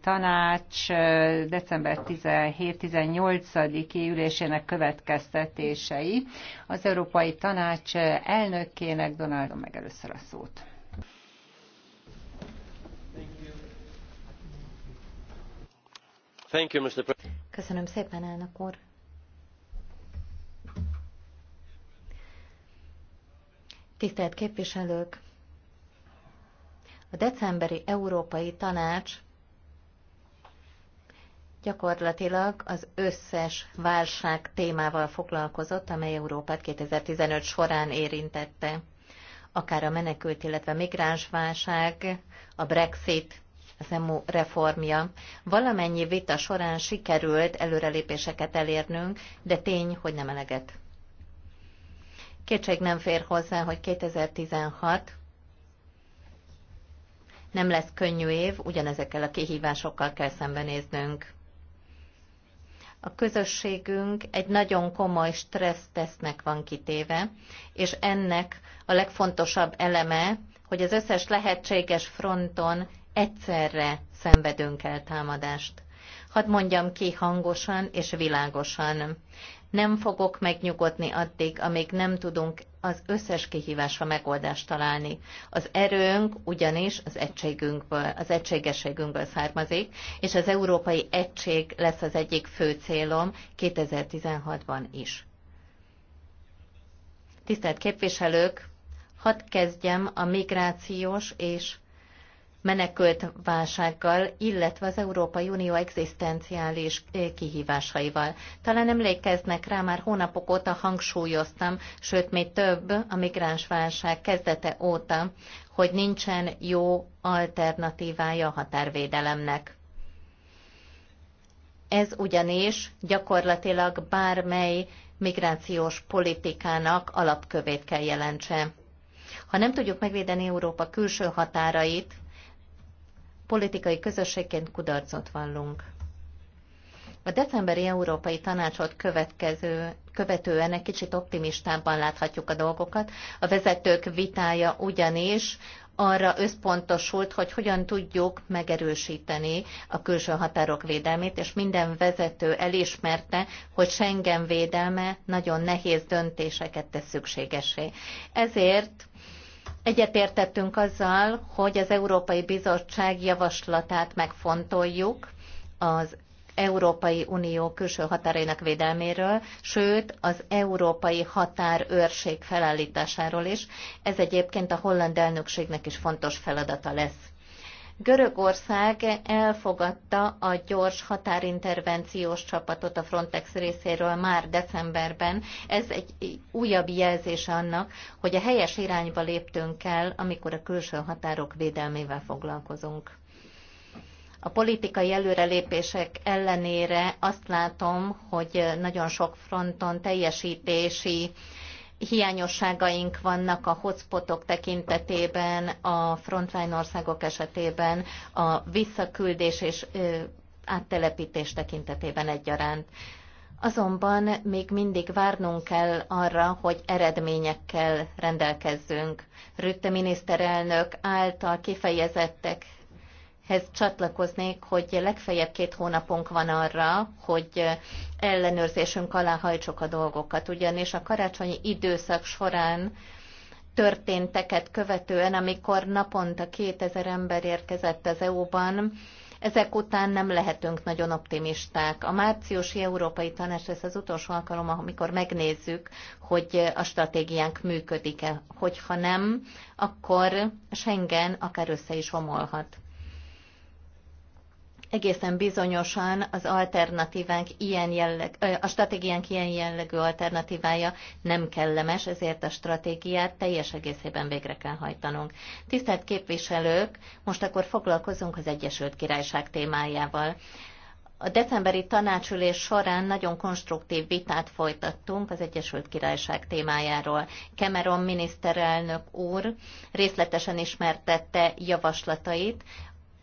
tanács december 17-18-i ülésének következtetései. Az Európai Tanács elnökének Donald meg először a szót. Thank you, Mr. Köszönöm szépen, elnök úr. Tisztelt képviselők! A decemberi Európai Tanács gyakorlatilag az összes válság témával foglalkozott, amely Európát 2015 során érintette. Akár a menekült, illetve migránsválság, a Brexit, az EMU reformja. Valamennyi vita során sikerült előrelépéseket elérnünk, de tény, hogy nem eleget. Kétség nem fér hozzá, hogy 2016 nem lesz könnyű év, ugyanezekkel a kihívásokkal kell szembenéznünk a közösségünk egy nagyon komoly stressztesznek van kitéve, és ennek a legfontosabb eleme, hogy az összes lehetséges fronton egyszerre szenvedünk el támadást. Hadd mondjam ki hangosan és világosan. Nem fogok megnyugodni addig, amíg nem tudunk az összes kihívásra megoldást találni. Az erőnk ugyanis az egységünkből, az egységességünkből származik, és az európai egység lesz az egyik fő célom 2016-ban is. Tisztelt képviselők, hadd kezdjem a migrációs és menekült válsággal, illetve az Európai Unió egzisztenciális eh, kihívásaival. Talán emlékeznek rá, már hónapok óta hangsúlyoztam, sőt még több a migráns válság kezdete óta, hogy nincsen jó alternatívája a határvédelemnek. Ez ugyanis gyakorlatilag bármely migrációs politikának alapkövét kell jelentse. Ha nem tudjuk megvédeni Európa külső határait, politikai közösségként kudarcot vallunk. A decemberi Európai Tanácsot következő, követően egy kicsit optimistábban láthatjuk a dolgokat. A vezetők vitája ugyanis arra összpontosult, hogy hogyan tudjuk megerősíteni a külső határok védelmét, és minden vezető elismerte, hogy Schengen védelme nagyon nehéz döntéseket tesz szükségesé. Ezért Egyetértettünk azzal, hogy az Európai Bizottság javaslatát megfontoljuk az Európai Unió külső határainak védelméről, sőt az Európai Határőrség felállításáról is. Ez egyébként a holland elnökségnek is fontos feladata lesz. Görögország elfogadta a gyors határintervenciós csapatot a Frontex részéről már decemberben. Ez egy újabb jelzés annak, hogy a helyes irányba léptünk el, amikor a külső határok védelmével foglalkozunk a politikai előrelépések ellenére azt látom, hogy nagyon sok fronton teljesítési hiányosságaink vannak a hotspotok tekintetében, a frontline országok esetében, a visszaküldés és áttelepítés tekintetében egyaránt. Azonban még mindig várnunk kell arra, hogy eredményekkel rendelkezzünk. Rütte miniszterelnök által kifejezettek hez csatlakoznék, hogy legfeljebb két hónapunk van arra, hogy ellenőrzésünk alá hajtsuk a dolgokat, ugyanis a karácsonyi időszak során történteket követően, amikor naponta 2000 ember érkezett az EU-ban, ezek után nem lehetünk nagyon optimisták. A márciusi Európai Tanács lesz az utolsó alkalom, amikor megnézzük, hogy a stratégiánk működik-e. Hogyha nem, akkor Schengen akár össze is homolhat egészen bizonyosan az alternatívánk ilyen jelleg, a stratégiánk ilyen jellegű alternatívája nem kellemes, ezért a stratégiát teljes egészében végre kell hajtanunk. Tisztelt képviselők, most akkor foglalkozunk az Egyesült Királyság témájával. A decemberi tanácsülés során nagyon konstruktív vitát folytattunk az Egyesült Királyság témájáról. Cameron miniszterelnök úr részletesen ismertette javaslatait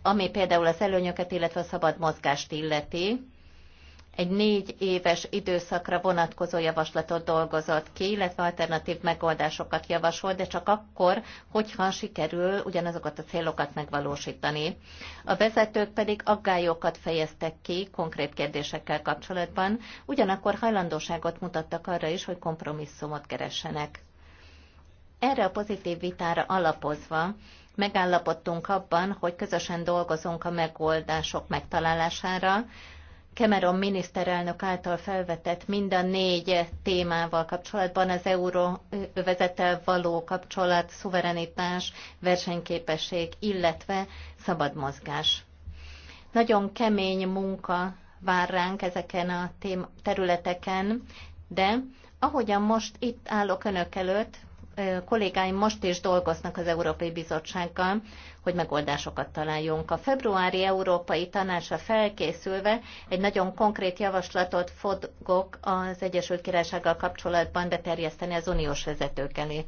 ami például az előnyöket, illetve a szabad mozgást illeti, egy négy éves időszakra vonatkozó javaslatot dolgozott ki, illetve alternatív megoldásokat javasol, de csak akkor, hogyha sikerül ugyanazokat a célokat megvalósítani. A vezetők pedig aggályokat fejeztek ki konkrét kérdésekkel kapcsolatban, ugyanakkor hajlandóságot mutattak arra is, hogy kompromisszumot keressenek. Erre a pozitív vitára alapozva megállapodtunk abban, hogy közösen dolgozunk a megoldások megtalálására. Cameron miniszterelnök által felvetett mind a négy témával kapcsolatban az euróvezetel való kapcsolat, szuverenitás, versenyképesség, illetve szabad mozgás. Nagyon kemény munka vár ránk ezeken a területeken, de ahogyan most itt állok önök előtt, kollégáim most is dolgoznak az Európai Bizottsággal, hogy megoldásokat találjunk. A februári Európai Tanácsra felkészülve egy nagyon konkrét javaslatot fogok az Egyesült Királysággal kapcsolatban beterjeszteni az uniós vezetők elé.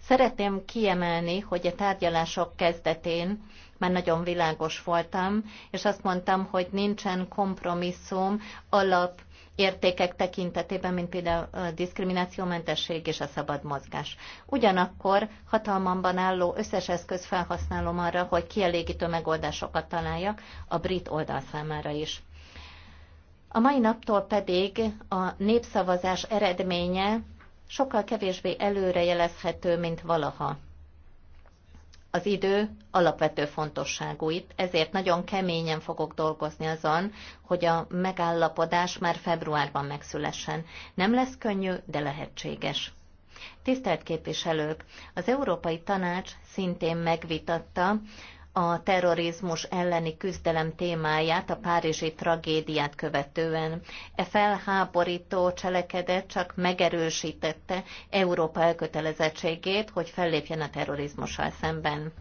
Szeretném kiemelni, hogy a tárgyalások kezdetén már nagyon világos voltam, és azt mondtam, hogy nincsen kompromisszum alap értékek tekintetében, mint például a diszkriminációmentesség és a szabad mozgás. Ugyanakkor hatalmamban álló összes eszköz felhasználom arra, hogy kielégítő megoldásokat találjak a brit oldal számára is. A mai naptól pedig a népszavazás eredménye sokkal kevésbé előrejelezhető, mint valaha az idő alapvető fontosságú itt, ezért nagyon keményen fogok dolgozni azon, hogy a megállapodás már februárban megszülessen. Nem lesz könnyű, de lehetséges. Tisztelt képviselők, az Európai Tanács szintén megvitatta a terrorizmus elleni küzdelem témáját, a párizsi tragédiát követően. E felháborító cselekedet csak megerősítette Európa elkötelezettségét, hogy fellépjen a terrorizmussal szemben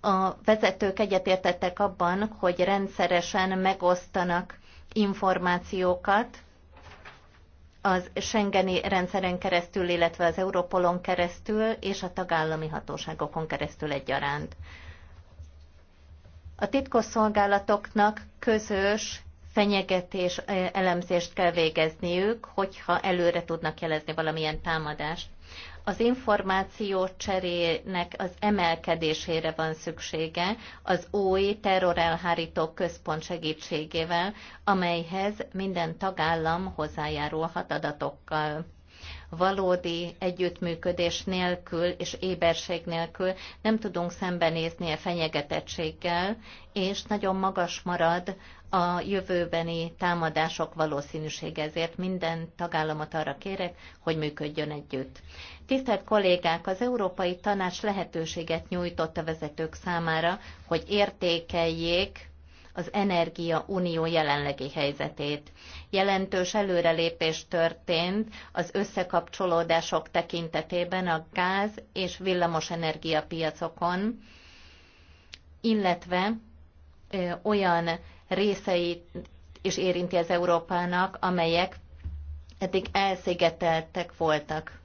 a vezetők egyetértettek abban, hogy rendszeresen megosztanak információkat az Schengeni rendszeren keresztül, illetve az Europolon keresztül és a tagállami hatóságokon keresztül egyaránt. A titkosszolgálatoknak közös fenyegetés elemzést kell végezniük, hogyha előre tudnak jelezni valamilyen támadást. Az információ cserének az emelkedésére van szüksége az új terrorelhárító központ segítségével, amelyhez minden tagállam hozzájárulhat adatokkal valódi együttműködés nélkül és éberség nélkül nem tudunk szembenézni a fenyegetettséggel, és nagyon magas marad a jövőbeni támadások valószínűsége, ezért minden tagállamot arra kérek, hogy működjön együtt. Tisztelt kollégák, az Európai Tanács lehetőséget nyújtott a vezetők számára, hogy értékeljék az Energia Unió jelenlegi helyzetét. Jelentős előrelépés történt az összekapcsolódások tekintetében a gáz és villamos energiapiacokon, illetve olyan részeit is érinti az Európának, amelyek eddig elszigeteltek voltak.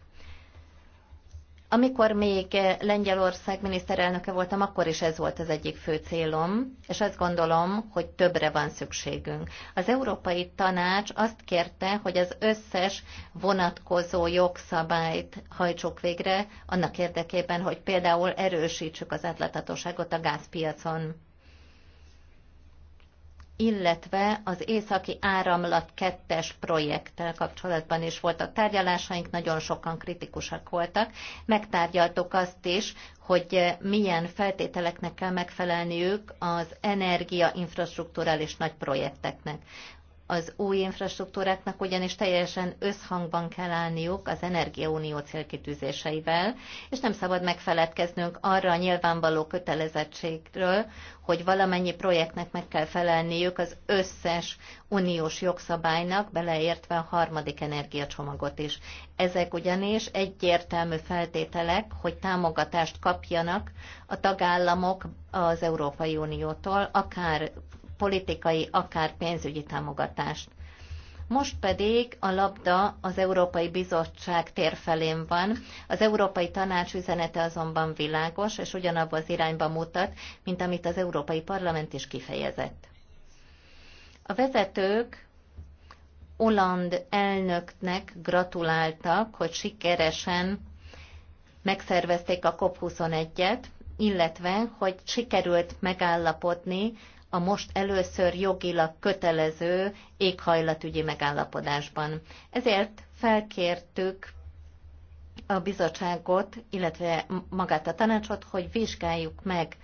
Amikor még eh, Lengyelország miniszterelnöke voltam, akkor is ez volt az egyik fő célom, és azt gondolom, hogy többre van szükségünk. Az Európai Tanács azt kérte, hogy az összes vonatkozó jogszabályt hajtsuk végre, annak érdekében, hogy például erősítsük az átláthatóságot a gázpiacon illetve az északi áramlat 2 projekttel kapcsolatban is voltak tárgyalásaink, nagyon sokan kritikusak voltak. Megtárgyaltuk azt is, hogy milyen feltételeknek kell megfelelniük az energia infrastruktúrális nagy projekteknek az új infrastruktúráknak ugyanis teljesen összhangban kell állniuk az Energiaunió célkitűzéseivel, és nem szabad megfeledkeznünk arra a nyilvánvaló kötelezettségről, hogy valamennyi projektnek meg kell felelniük az összes uniós jogszabálynak, beleértve a harmadik energiacsomagot is. Ezek ugyanis egyértelmű feltételek, hogy támogatást kapjanak a tagállamok az Európai Uniótól, akár politikai, akár pénzügyi támogatást. Most pedig a labda az Európai Bizottság térfelén van. Az Európai Tanács üzenete azonban világos, és ugyanabba az irányba mutat, mint amit az Európai Parlament is kifejezett. A vezetők Oland elnöknek gratuláltak, hogy sikeresen megszervezték a COP21-et, illetve hogy sikerült megállapodni a most először jogilag kötelező éghajlatügyi megállapodásban. Ezért felkértük a bizottságot, illetve magát a tanácsot, hogy vizsgáljuk meg,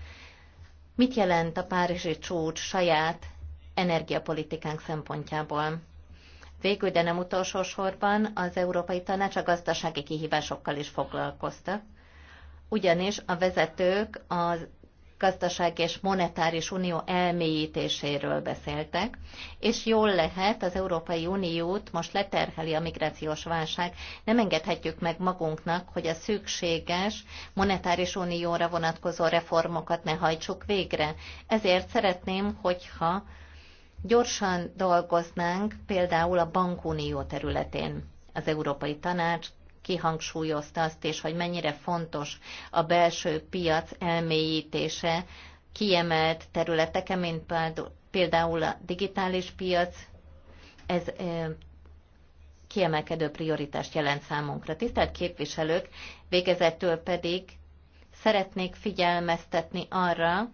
mit jelent a Párizsi csúcs saját energiapolitikánk szempontjából. Végül, de nem utolsó sorban az Európai Tanács a gazdasági kihívásokkal is foglalkoztak, ugyanis a vezetők a gazdasági és monetáris unió elmélyítéséről beszéltek, és jól lehet, az Európai Uniót most leterheli a migrációs válság. Nem engedhetjük meg magunknak, hogy a szükséges monetáris unióra vonatkozó reformokat ne hajtsuk végre. Ezért szeretném, hogyha gyorsan dolgoznánk például a bankunió területén. Az Európai Tanács kihangsúlyozta azt is, hogy mennyire fontos a belső piac elmélyítése kiemelt területeken, mint például a digitális piac, ez kiemelkedő prioritást jelent számunkra. Tisztelt képviselők, végezettől pedig szeretnék figyelmeztetni arra,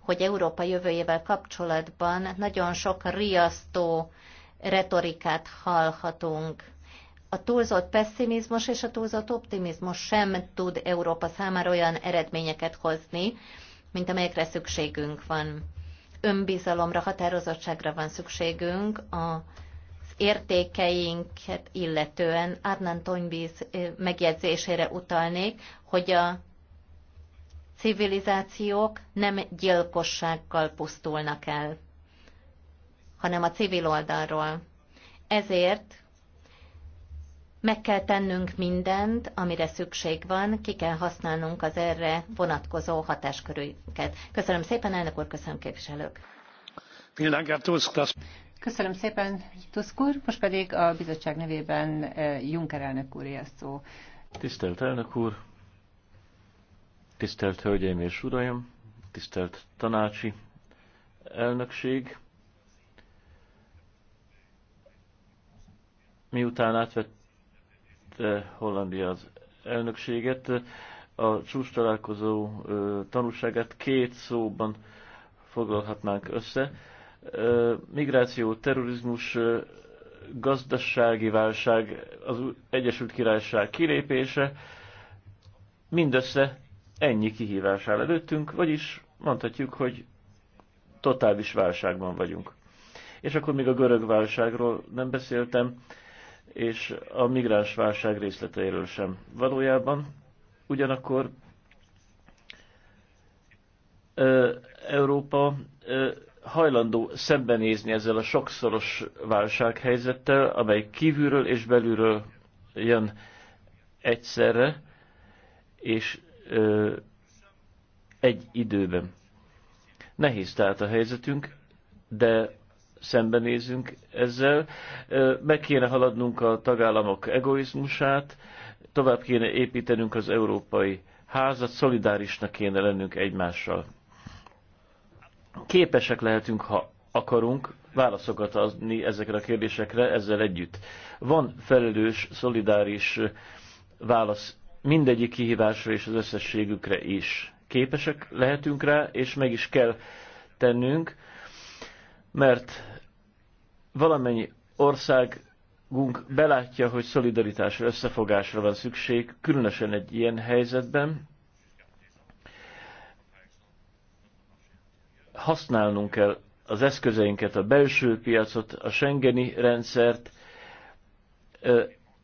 hogy Európa jövőjével kapcsolatban nagyon sok riasztó retorikát hallhatunk a túlzott pessimizmus és a túlzott optimizmus sem tud Európa számára olyan eredményeket hozni, mint amelyekre szükségünk van. Önbizalomra, határozottságra van szükségünk az értékeinket illetően. Árnán Tonybíz megjegyzésére utalnék, hogy a civilizációk nem gyilkossággal pusztulnak el, hanem a civil oldalról. Ezért meg kell tennünk mindent, amire szükség van, ki kell használnunk az erre vonatkozó hatáskörüket. Köszönöm szépen, elnök úr, köszönöm képviselők. Köszönöm szépen, Tusk úr. Most pedig a bizottság nevében eh, Juncker elnök úr a szó. Tisztelt elnök úr, tisztelt hölgyeim és uraim, tisztelt tanácsi elnökség, miután átvett vette Hollandia az elnökséget. A csúcs találkozó tanulságát két szóban foglalhatnánk össze. Migráció, terrorizmus, gazdasági válság, az Egyesült Királyság kilépése, mindössze ennyi kihívás áll előttünk, vagyis mondhatjuk, hogy totális válságban vagyunk. És akkor még a görög válságról nem beszéltem és a migráns válság részleteiről sem. Valójában ugyanakkor Európa hajlandó szembenézni ezzel a sokszoros válsághelyzettel, amely kívülről és belülről jön egyszerre, és ö, egy időben. Nehéz tehát a helyzetünk, de szembenézünk ezzel. Meg kéne haladnunk a tagállamok egoizmusát, tovább kéne építenünk az európai házat, szolidárisnak kéne lennünk egymással. Képesek lehetünk, ha akarunk válaszokat adni ezekre a kérdésekre ezzel együtt. Van felelős, szolidáris válasz mindegyik kihívásra és az összességükre is. Képesek lehetünk rá, és meg is kell tennünk mert valamennyi országunk belátja, hogy szolidaritásra, összefogásra van szükség, különösen egy ilyen helyzetben. Használnunk kell az eszközeinket, a belső piacot, a Schengeni rendszert,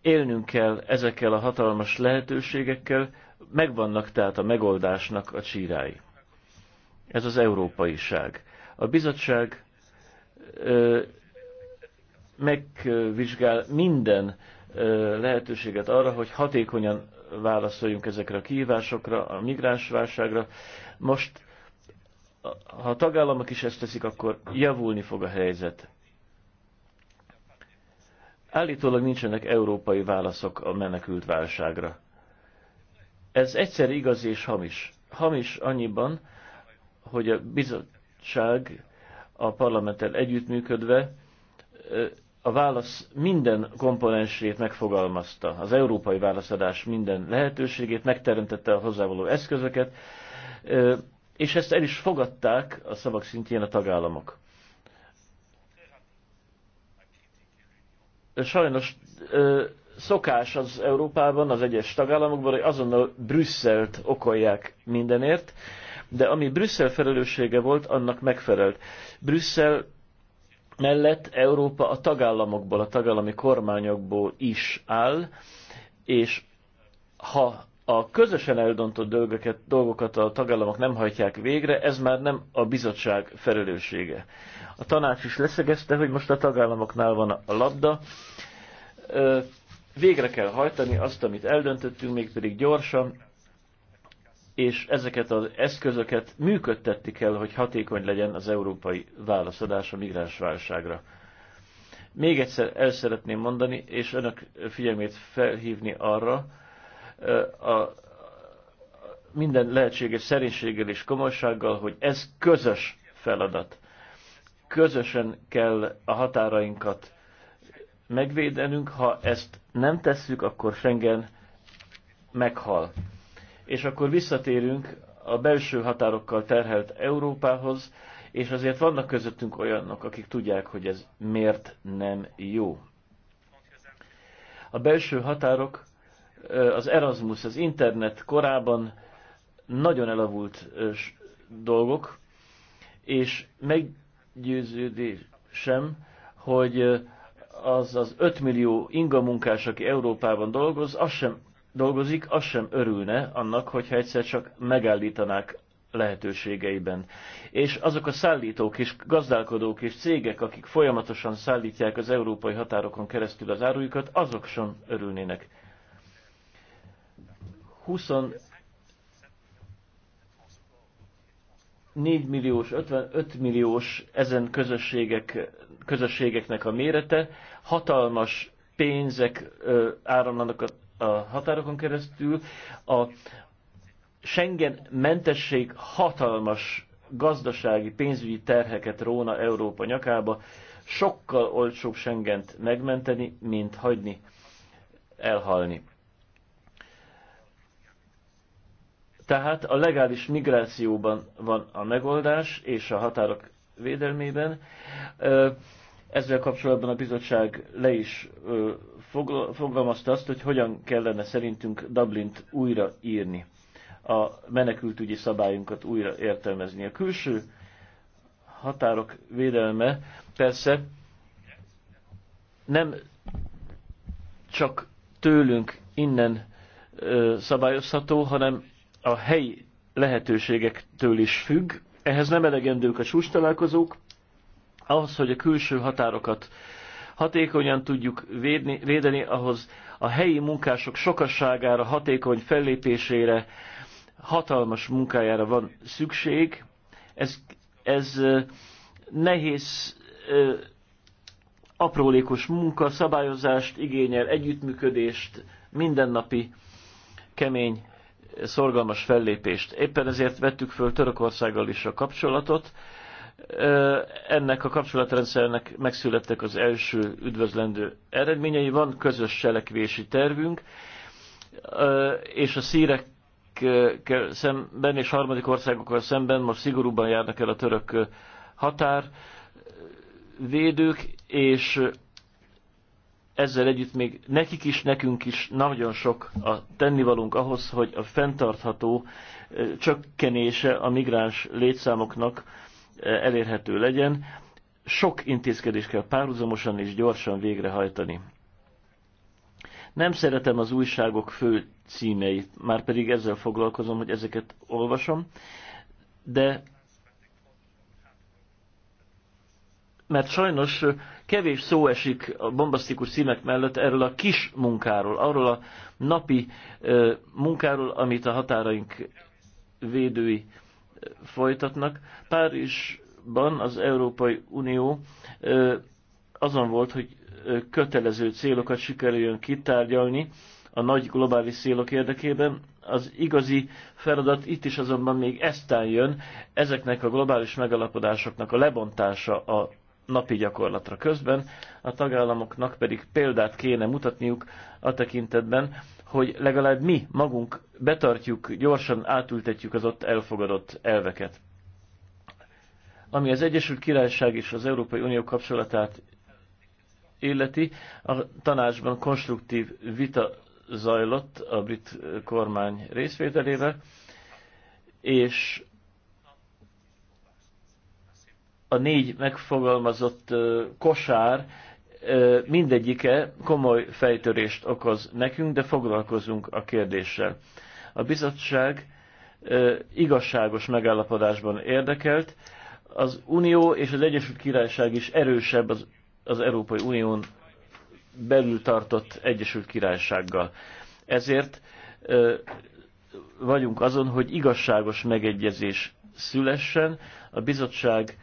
élnünk kell ezekkel a hatalmas lehetőségekkel, megvannak tehát a megoldásnak a csírái. Ez az európaiság. A bizottság megvizsgál minden lehetőséget arra, hogy hatékonyan válaszoljunk ezekre a kihívásokra, a migránsválságra. Most, ha a tagállamok is ezt teszik, akkor javulni fog a helyzet. Állítólag nincsenek európai válaszok a menekült válságra. Ez egyszer igaz és hamis. Hamis annyiban, hogy a bizottság a parlamenttel együttműködve a válasz minden komponensét megfogalmazta, az európai válaszadás minden lehetőségét, megteremtette a hozzávaló eszközöket, és ezt el is fogadták a szavak szintjén a tagállamok. Sajnos szokás az Európában, az egyes tagállamokban, hogy azonnal Brüsszelt okolják mindenért, de ami Brüsszel felelőssége volt, annak megfelelt. Brüsszel mellett Európa a tagállamokból, a tagállami kormányokból is áll, és ha a közösen eldöntött dolgokat, dolgokat a tagállamok nem hajtják végre, ez már nem a bizottság felelőssége. A tanács is leszegezte, hogy most a tagállamoknál van a labda végre kell hajtani azt, amit eldöntöttünk, mégpedig gyorsan, és ezeket az eszközöket működtetni kell, hogy hatékony legyen az európai válaszadás a migráns válságra. Még egyszer el szeretném mondani, és önök figyelmét felhívni arra, a minden lehetséges szerénységgel és komolysággal, hogy ez közös feladat. Közösen kell a határainkat megvédenünk, ha ezt nem tesszük, akkor Schengen meghal. És akkor visszatérünk a belső határokkal terhelt Európához, és azért vannak közöttünk olyanok, akik tudják, hogy ez miért nem jó. A belső határok, az Erasmus, az internet korában nagyon elavult dolgok, és meggyőződésem, hogy az az 5 millió inga munkás, aki Európában dolgoz, az sem dolgozik, az sem örülne annak, hogyha egyszer csak megállítanák lehetőségeiben. És azok a szállítók és gazdálkodók és cégek, akik folyamatosan szállítják az európai határokon keresztül az árujukat, azok sem örülnének. 24 milliós, 55 milliós ezen közösségek közösségeknek a mérete, hatalmas pénzek áramlanak a, a határokon keresztül, a Schengen mentesség hatalmas gazdasági, pénzügyi terheket róna Európa nyakába, sokkal olcsóbb Schengent megmenteni, mint hagyni elhalni. Tehát a legális migrációban van a megoldás, és a határok védelmében. Ezzel kapcsolatban a bizottság le is ö, fogalmazta azt, hogy hogyan kellene szerintünk Dublint újraírni, a menekültügyi szabályunkat újra értelmezni. A külső határok védelme persze nem csak tőlünk innen ö, szabályozható, hanem a helyi lehetőségektől is függ. Ehhez nem elegendők a csúcs ahhoz, hogy a külső határokat hatékonyan tudjuk védni, védeni, ahhoz a helyi munkások sokasságára, hatékony fellépésére, hatalmas munkájára van szükség. Ez, ez nehéz, aprólékos munka, szabályozást igényel, együttműködést, mindennapi kemény, szorgalmas fellépést. Éppen ezért vettük föl Törökországgal is a kapcsolatot, ennek a kapcsolatrendszernek megszülettek az első üdvözlendő eredményei, van közös cselekvési tervünk, és a szírekkel szemben és harmadik országokkal szemben most szigorúban járnak el a török határvédők, és ezzel együtt még nekik is, nekünk is nagyon sok a tennivalunk ahhoz, hogy a fenntartható csökkenése a migráns létszámoknak E, elérhető legyen. Sok intézkedést kell párhuzamosan és gyorsan végrehajtani. Nem szeretem az újságok fő címeit, már pedig ezzel foglalkozom, hogy ezeket olvasom, de mert sajnos kevés szó esik a bombasztikus címek mellett erről a kis munkáról, arról a napi munkáról, amit a határaink védői folytatnak. Párizsban az Európai Unió azon volt, hogy kötelező célokat sikerüljön kitárgyalni a nagy globális célok érdekében. Az igazi feladat itt is azonban még eztán jön, ezeknek a globális megalapodásoknak a lebontása a napi gyakorlatra közben, a tagállamoknak pedig példát kéne mutatniuk a tekintetben, hogy legalább mi magunk betartjuk, gyorsan átültetjük az ott elfogadott elveket. Ami az Egyesült Királyság és az Európai Unió kapcsolatát illeti, a tanácsban konstruktív vita zajlott a brit kormány részvételével, és a négy megfogalmazott kosár mindegyike komoly fejtörést okoz nekünk, de foglalkozunk a kérdéssel. A bizottság igazságos megállapodásban érdekelt, az Unió és az Egyesült Királyság is erősebb az, az Európai Unión belül tartott Egyesült Királysággal. Ezért vagyunk azon, hogy igazságos megegyezés szülessen, a bizottság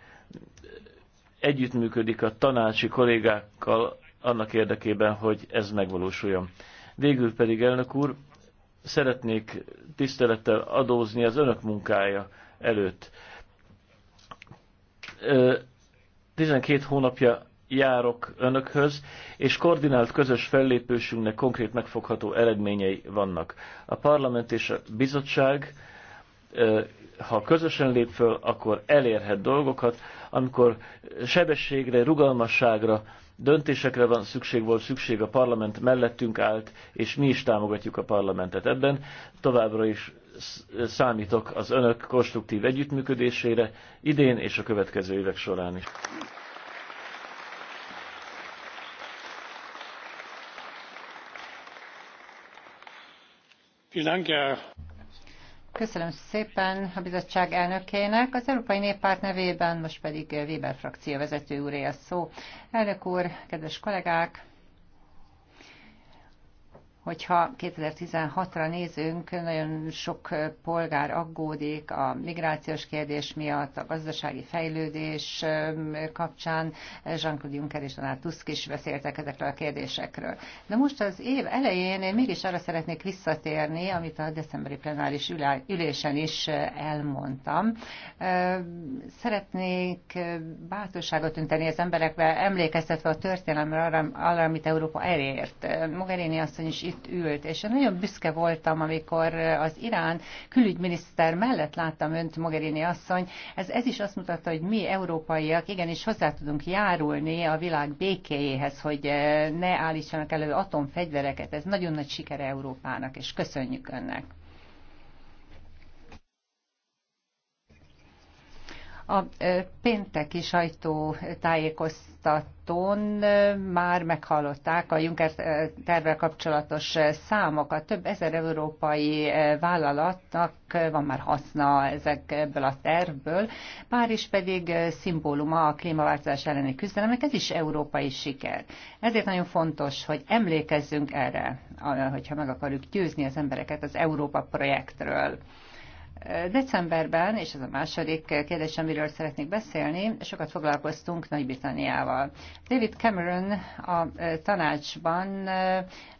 együttműködik a tanácsi kollégákkal annak érdekében, hogy ez megvalósuljon. Végül pedig, elnök úr, szeretnék tisztelettel adózni az önök munkája előtt. 12 hónapja járok önökhöz, és koordinált közös fellépősünknek konkrét megfogható eredményei vannak. A parlament és a bizottság ha közösen lép föl, akkor elérhet dolgokat. Amikor sebességre, rugalmasságra, döntésekre van szükség volt, szükség a parlament mellettünk állt, és mi is támogatjuk a parlamentet ebben. Továbbra is számítok az önök konstruktív együttműködésére idén és a következő évek során is. Vielen Dank, Herr Köszönöm szépen a bizottság elnökének. Az Európai Néppárt nevében most pedig Weber frakció vezető úré a szó. Elnök úr, kedves kollégák! hogyha 2016-ra nézünk, nagyon sok polgár aggódik a migrációs kérdés miatt, a gazdasági fejlődés kapcsán. Jean-Claude Juncker és Donald Tusk is beszéltek ezekről a kérdésekről. De most az év elején én mégis arra szeretnék visszatérni, amit a decemberi plenáris ülésen is elmondtam. Szeretnék bátorságot önteni az emberekbe, emlékeztetve a történelemre arra, arra amit Európa elért. Mogherini asszony is itt itt ült, és nagyon büszke voltam, amikor az Irán külügyminiszter mellett láttam önt, Mogherini asszony. Ez, ez is azt mutatta, hogy mi európaiak igenis hozzá tudunk járulni a világ békéjéhez, hogy eh, ne állítsanak elő atomfegyvereket. Ez nagyon nagy sikere Európának, és köszönjük önnek. A pénteki sajtótájékoztatón már meghallották a Juncker tervvel kapcsolatos számokat. Több ezer európai vállalatnak van már haszna ezekből a tervből. Párizs pedig szimbóluma a klímaváltozás elleni küzdelemnek, ez is európai siker. Ezért nagyon fontos, hogy emlékezzünk erre, hogyha meg akarjuk győzni az embereket az Európa projektről. Decemberben, és ez a második kérdés, amiről szeretnék beszélni, sokat foglalkoztunk Nagy-Britanniával. David Cameron a tanácsban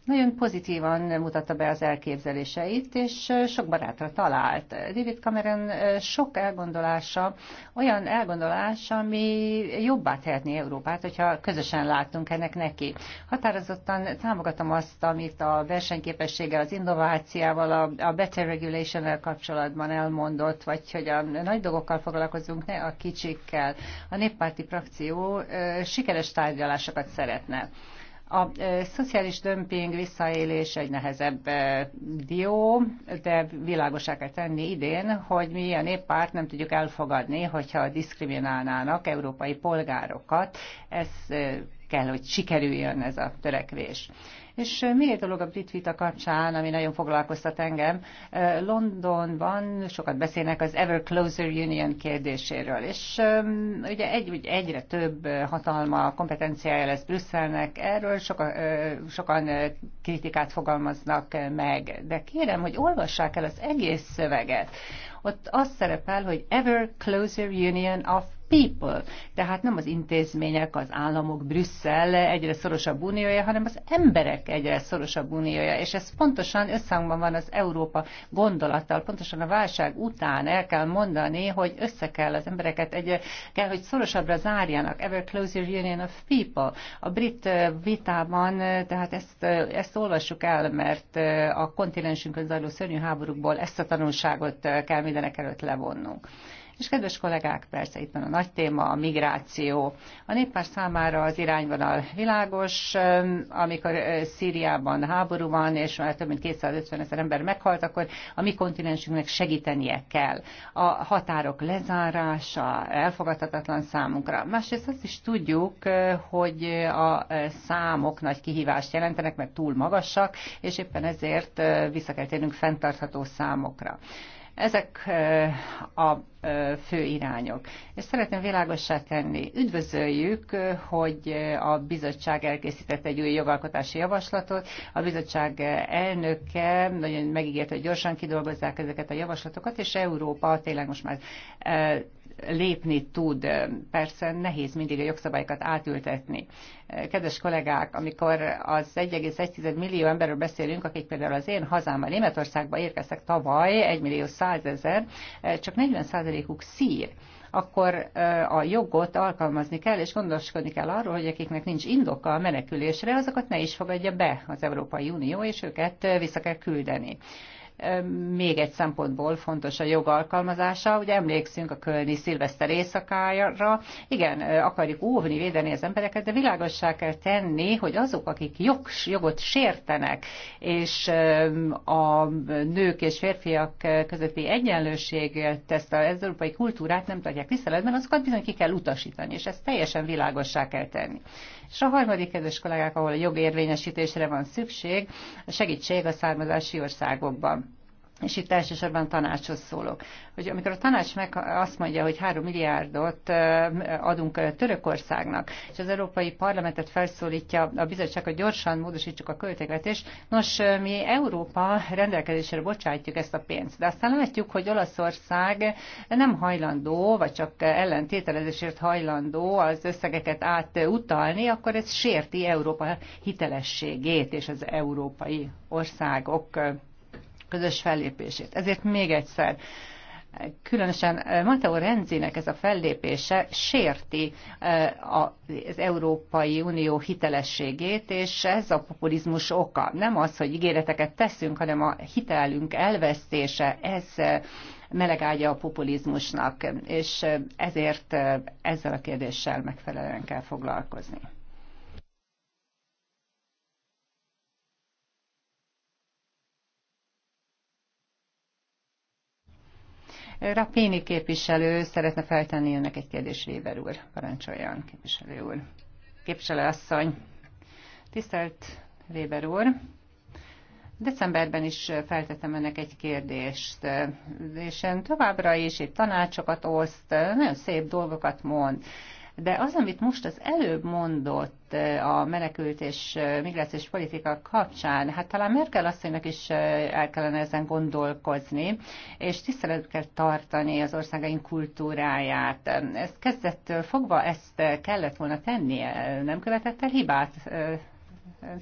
nagyon pozitívan mutatta be az elképzeléseit, és sok barátra talált. David Cameron sok elgondolása, olyan elgondolás, ami jobbá tehetni Európát, hogyha közösen látunk ennek neki. Határozottan támogatom azt, amit a versenyképessége az innovációval, a better regulation kapcsolatban elmondott, vagy hogy a nagy dolgokkal foglalkozunk, ne a kicsikkel. A néppárti frakció sikeres tárgyalásokat szeretne. A szociális dömping visszaélés egy nehezebb dió, de világosá kell tenni idén, hogy mi a néppárt nem tudjuk elfogadni, hogyha diszkriminálnának európai polgárokat. Ez kell, hogy sikerüljön ez a törekvés. És még egy dolog a brit vita kapcsán, ami nagyon foglalkoztat engem, Londonban sokat beszélnek az Ever Closer Union kérdéséről, és ugye egy, ugye egyre több hatalma, kompetenciája lesz Brüsszelnek, erről soka, sokan kritikát fogalmaznak meg, de kérem, hogy olvassák el az egész szöveget. Ott az szerepel, hogy Ever Closer Union of people. Tehát nem az intézmények, az államok, Brüsszel egyre szorosabb uniója, hanem az emberek egyre szorosabb uniója. És ez pontosan összhangban van az Európa gondolattal. Pontosan a válság után el kell mondani, hogy össze kell az embereket egy, kell, hogy szorosabbra zárjanak. Ever closer union of people. A brit vitában, tehát ezt, ezt olvassuk el, mert a kontinensünkön zajló szörnyű háborúkból ezt a tanulságot kell mindenek előtt levonnunk. És kedves kollégák, persze itt van a nagy téma, a migráció. A néppárt számára az irányvonal világos, amikor Szíriában háború van, és már több mint 250 ezer ember meghalt, akkor a mi kontinensünknek segítenie kell. A határok lezárása elfogadhatatlan számunkra. Másrészt azt is tudjuk, hogy a számok nagy kihívást jelentenek, mert túl magasak, és éppen ezért vissza kell térnünk fenntartható számokra. Ezek a fő irányok. És szeretném világossá tenni, üdvözöljük, hogy a bizottság elkészített egy új jogalkotási javaslatot. A bizottság elnöke nagyon megígérte, hogy gyorsan kidolgozzák ezeket a javaslatokat, és Európa tényleg most már lépni tud. Persze nehéz mindig a jogszabályokat átültetni. Kedves kollégák, amikor az 1,1 millió emberről beszélünk, akik például az én hazámban, Németországba érkeztek tavaly, 1 millió 100 ezer, csak 40 százalékuk szír akkor a jogot alkalmazni kell, és gondoskodni kell arról, hogy akiknek nincs indoka a menekülésre, azokat ne is fogadja be az Európai Unió, és őket vissza kell küldeni még egy szempontból fontos a jogalkalmazása. Ugye emlékszünk a kölni szilveszter éjszakájára. Igen, akarjuk óvni, védeni az embereket, de világossá kell tenni, hogy azok, akik jog, jogot sértenek, és a nők és férfiak közötti egyenlőséget, ezt az európai kultúrát nem tartják tiszteletben, azokat bizony ki kell utasítani, és ezt teljesen világossá kell tenni. És a harmadik, kedves kollégák, ahol a jogérvényesítésre van szükség, a segítség a származási országokban és itt elsősorban tanácshoz szólok, hogy amikor a tanács meg azt mondja, hogy 3 milliárdot adunk Törökországnak, és az Európai Parlamentet felszólítja a bizottság, hogy gyorsan módosítsuk a költségvetést, nos, mi Európa rendelkezésre bocsátjuk ezt a pénzt, de aztán látjuk, hogy Olaszország nem hajlandó, vagy csak ellentételezésért hajlandó az összegeket átutalni, akkor ez sérti Európa hitelességét és az európai országok közös fellépését. Ezért még egyszer, különösen eh, Mateo Renzinek ez a fellépése sérti eh, az Európai Unió hitelességét, és ez a populizmus oka. Nem az, hogy ígéreteket teszünk, hanem a hitelünk elvesztése, ez eh, melegágya a populizmusnak, és ezért ezzel a kérdéssel megfelelően kell foglalkozni. Rapini képviselő szeretne feltenni önnek egy kérdés, Weber úr. Parancsoljon, képviselő úr. Képviselő asszony. Tisztelt Weber úr. Decemberben is feltettem önnek egy kérdést, és ön továbbra is itt tanácsokat oszt, nagyon szép dolgokat mond de az, amit most az előbb mondott eh, a menekült és eh, migrációs politika kapcsán, hát talán Merkel asszonynak is eh, el kellene ezen gondolkozni, és tisztelet kell tartani az országaink kultúráját. Ezt kezdettől fogva ezt kellett volna tennie, nem követett el hibát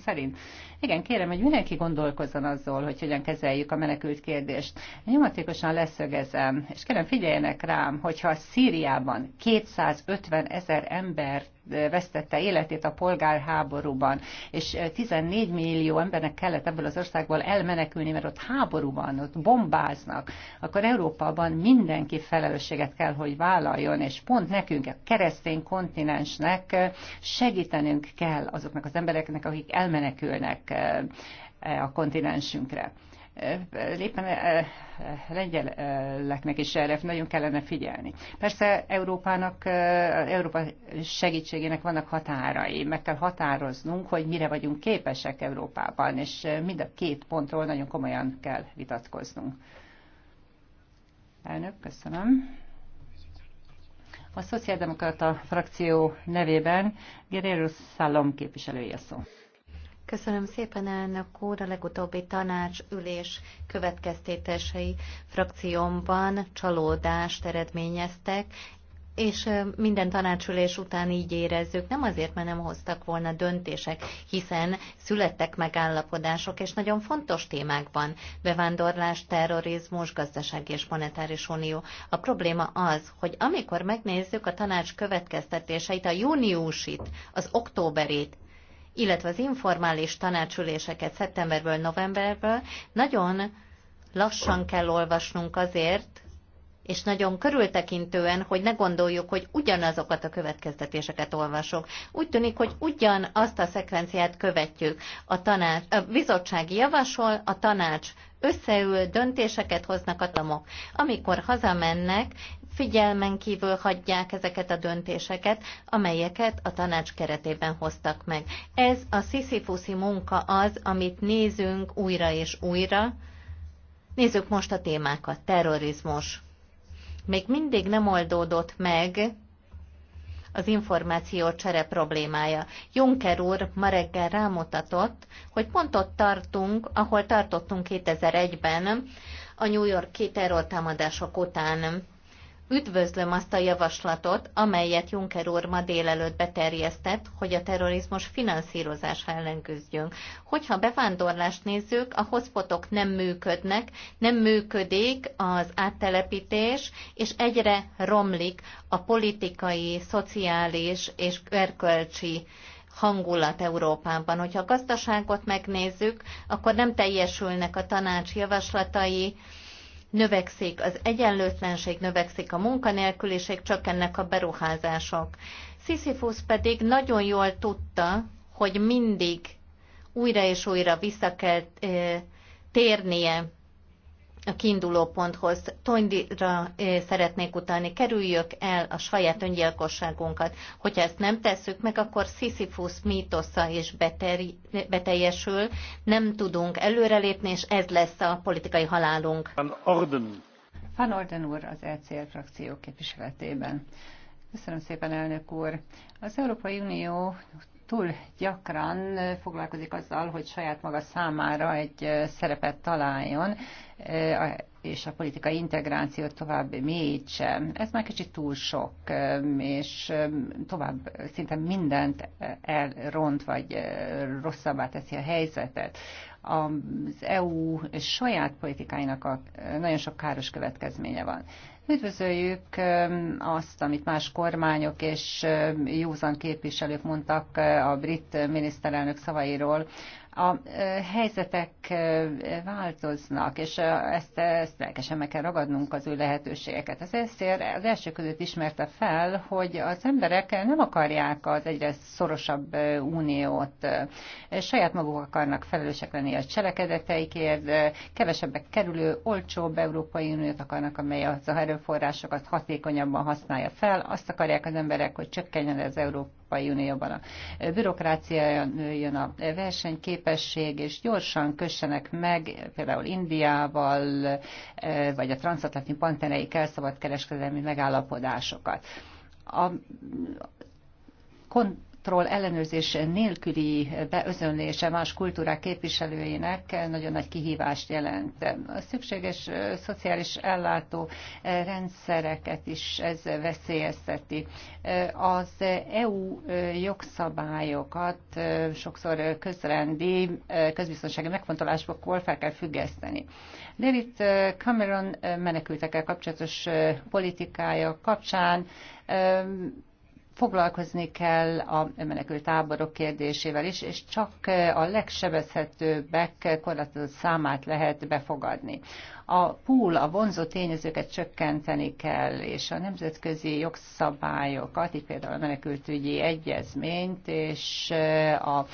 szerint. Igen, kérem, hogy mindenki gondolkozzon azzal, hogy hogyan kezeljük a menekült kérdést. Nyomatékosan leszögezem, és kérem figyeljenek rám, hogyha Szíriában 250 ezer embert vesztette életét a polgárháborúban, és 14 eh, millió embernek kellett ebből az országból elmenekülni, mert ott háború van, ott bombáznak, akkor Európában mindenki felelősséget kell, hogy vállaljon, és pont nekünk, a keresztény kontinensnek eh, segítenünk kell azoknak az embereknek, akik elmenekülnek eh, a kontinensünkre éppen eh, eh, lengyeleknek is erre nagyon kellene figyelni. Persze Európának, eh, Európa segítségének vannak határai, meg kell határoznunk, hogy mire vagyunk képesek Európában, és mind a két pontról nagyon komolyan kell vitatkoznunk. Elnök, köszönöm. A Szociáldemokrata frakció nevében Guerrero Szalom képviselője szó. Köszönöm szépen, elnök úr. A legutóbbi tanácsülés következtétesei frakciómban csalódást eredményeztek, és minden tanácsülés után így érezzük, nem azért, mert nem hoztak volna döntések, hiszen születtek megállapodások, és nagyon fontos témákban bevándorlás, terrorizmus, gazdaság és monetáris unió. A probléma az, hogy amikor megnézzük a tanács következtetéseit, a júniusit, az októberét illetve az informális tanácsüléseket szeptemberből, novemberből nagyon lassan kell olvasnunk azért, és nagyon körültekintően, hogy ne gondoljuk, hogy ugyanazokat a következtetéseket olvasok. Úgy tűnik, hogy ugyanazt a szekvenciát követjük. A, tanács, a bizottság javasol, a tanács összeül, döntéseket hoznak a tamok. Amikor hazamennek, figyelmen kívül hagyják ezeket a döntéseket, amelyeket a tanács keretében hoztak meg. Ez a sziszifuszi munka az, amit nézünk újra és újra. Nézzük most a témákat. Terrorizmus. Még mindig nem oldódott meg az információ csere problémája. Juncker úr ma reggel rámutatott, hogy pont ott tartunk, ahol tartottunk 2001-ben, a New York-i terrortámadások után Üdvözlöm azt a javaslatot, amelyet Juncker úr ma délelőtt beterjesztett, hogy a terrorizmus finanszírozása ellen küzdjünk. Hogyha bevándorlást nézzük, a hotspotok nem működnek, nem működik az áttelepítés, és egyre romlik a politikai, szociális és erkölcsi hangulat Európában. Hogyha a gazdaságot megnézzük, akkor nem teljesülnek a tanács javaslatai, növekszik az egyenlőtlenség, növekszik a munkanélküliség, csökkennek a beruházások. Sisyphus pedig nagyon jól tudta, hogy mindig újra és újra vissza kell térnie a kiinduló ponthoz. Tondira szeretnék utalni, kerüljük el a saját öngyilkosságunkat. Hogyha ezt nem tesszük meg, akkor Sisyphus mítosza is beteri, beteljesül, nem tudunk előrelépni, és ez lesz a politikai halálunk. Van Orden. Van Orden úr az ECR frakció képviseletében. Köszönöm szépen, elnök úr. Az Európai Unió túl gyakran foglalkozik azzal, hogy saját maga számára egy szerepet találjon, és a politikai integrációt tovább mélyítse. Ez már kicsit túl sok, és tovább szinte mindent elront, vagy rosszabbá teszi a helyzetet. Az EU saját politikáinak a, nagyon sok káros következménye van. Üdvözöljük azt, amit más kormányok és józan képviselők mondtak a brit miniszterelnök szavairól, a helyzetek változnak, és ezt, ezt lelkesen meg kell ragadnunk az ő lehetőségeket. Az ESZÉR az első között ismerte fel, hogy az emberek nem akarják az egyre szorosabb uniót, saját maguk akarnak felelősek lenni a cselekedeteikért, kevesebbek kerülő, olcsóbb Európai Uniót akarnak, amely az erőforrásokat hatékonyabban használja fel, azt akarják az emberek, hogy csökkenjen az Európai Európai Unióban a bürokrácia jön a versenyképesség, és gyorsan kössenek meg például Indiával, e, vagy a transatlanti pantereik kereskedelmi megállapodásokat. A kon- kontroll ellenőrzés nélküli beözönlése más kultúrák képviselőinek nagyon nagy kihívást jelent. A szükséges szociális ellátó rendszereket is ez veszélyezteti. Az EU jogszabályokat sokszor közrendi, közbiztonsági megfontolásból fel kell függeszteni. David Cameron menekültekkel kapcsolatos politikája kapcsán foglalkozni kell a menekült táborok kérdésével is, és csak a legsebezhetőbbek korlátozott számát lehet befogadni. A pool, a vonzó tényezőket csökkenteni kell, és a nemzetközi jogszabályokat, így például a menekültügyi egyezményt és eh, az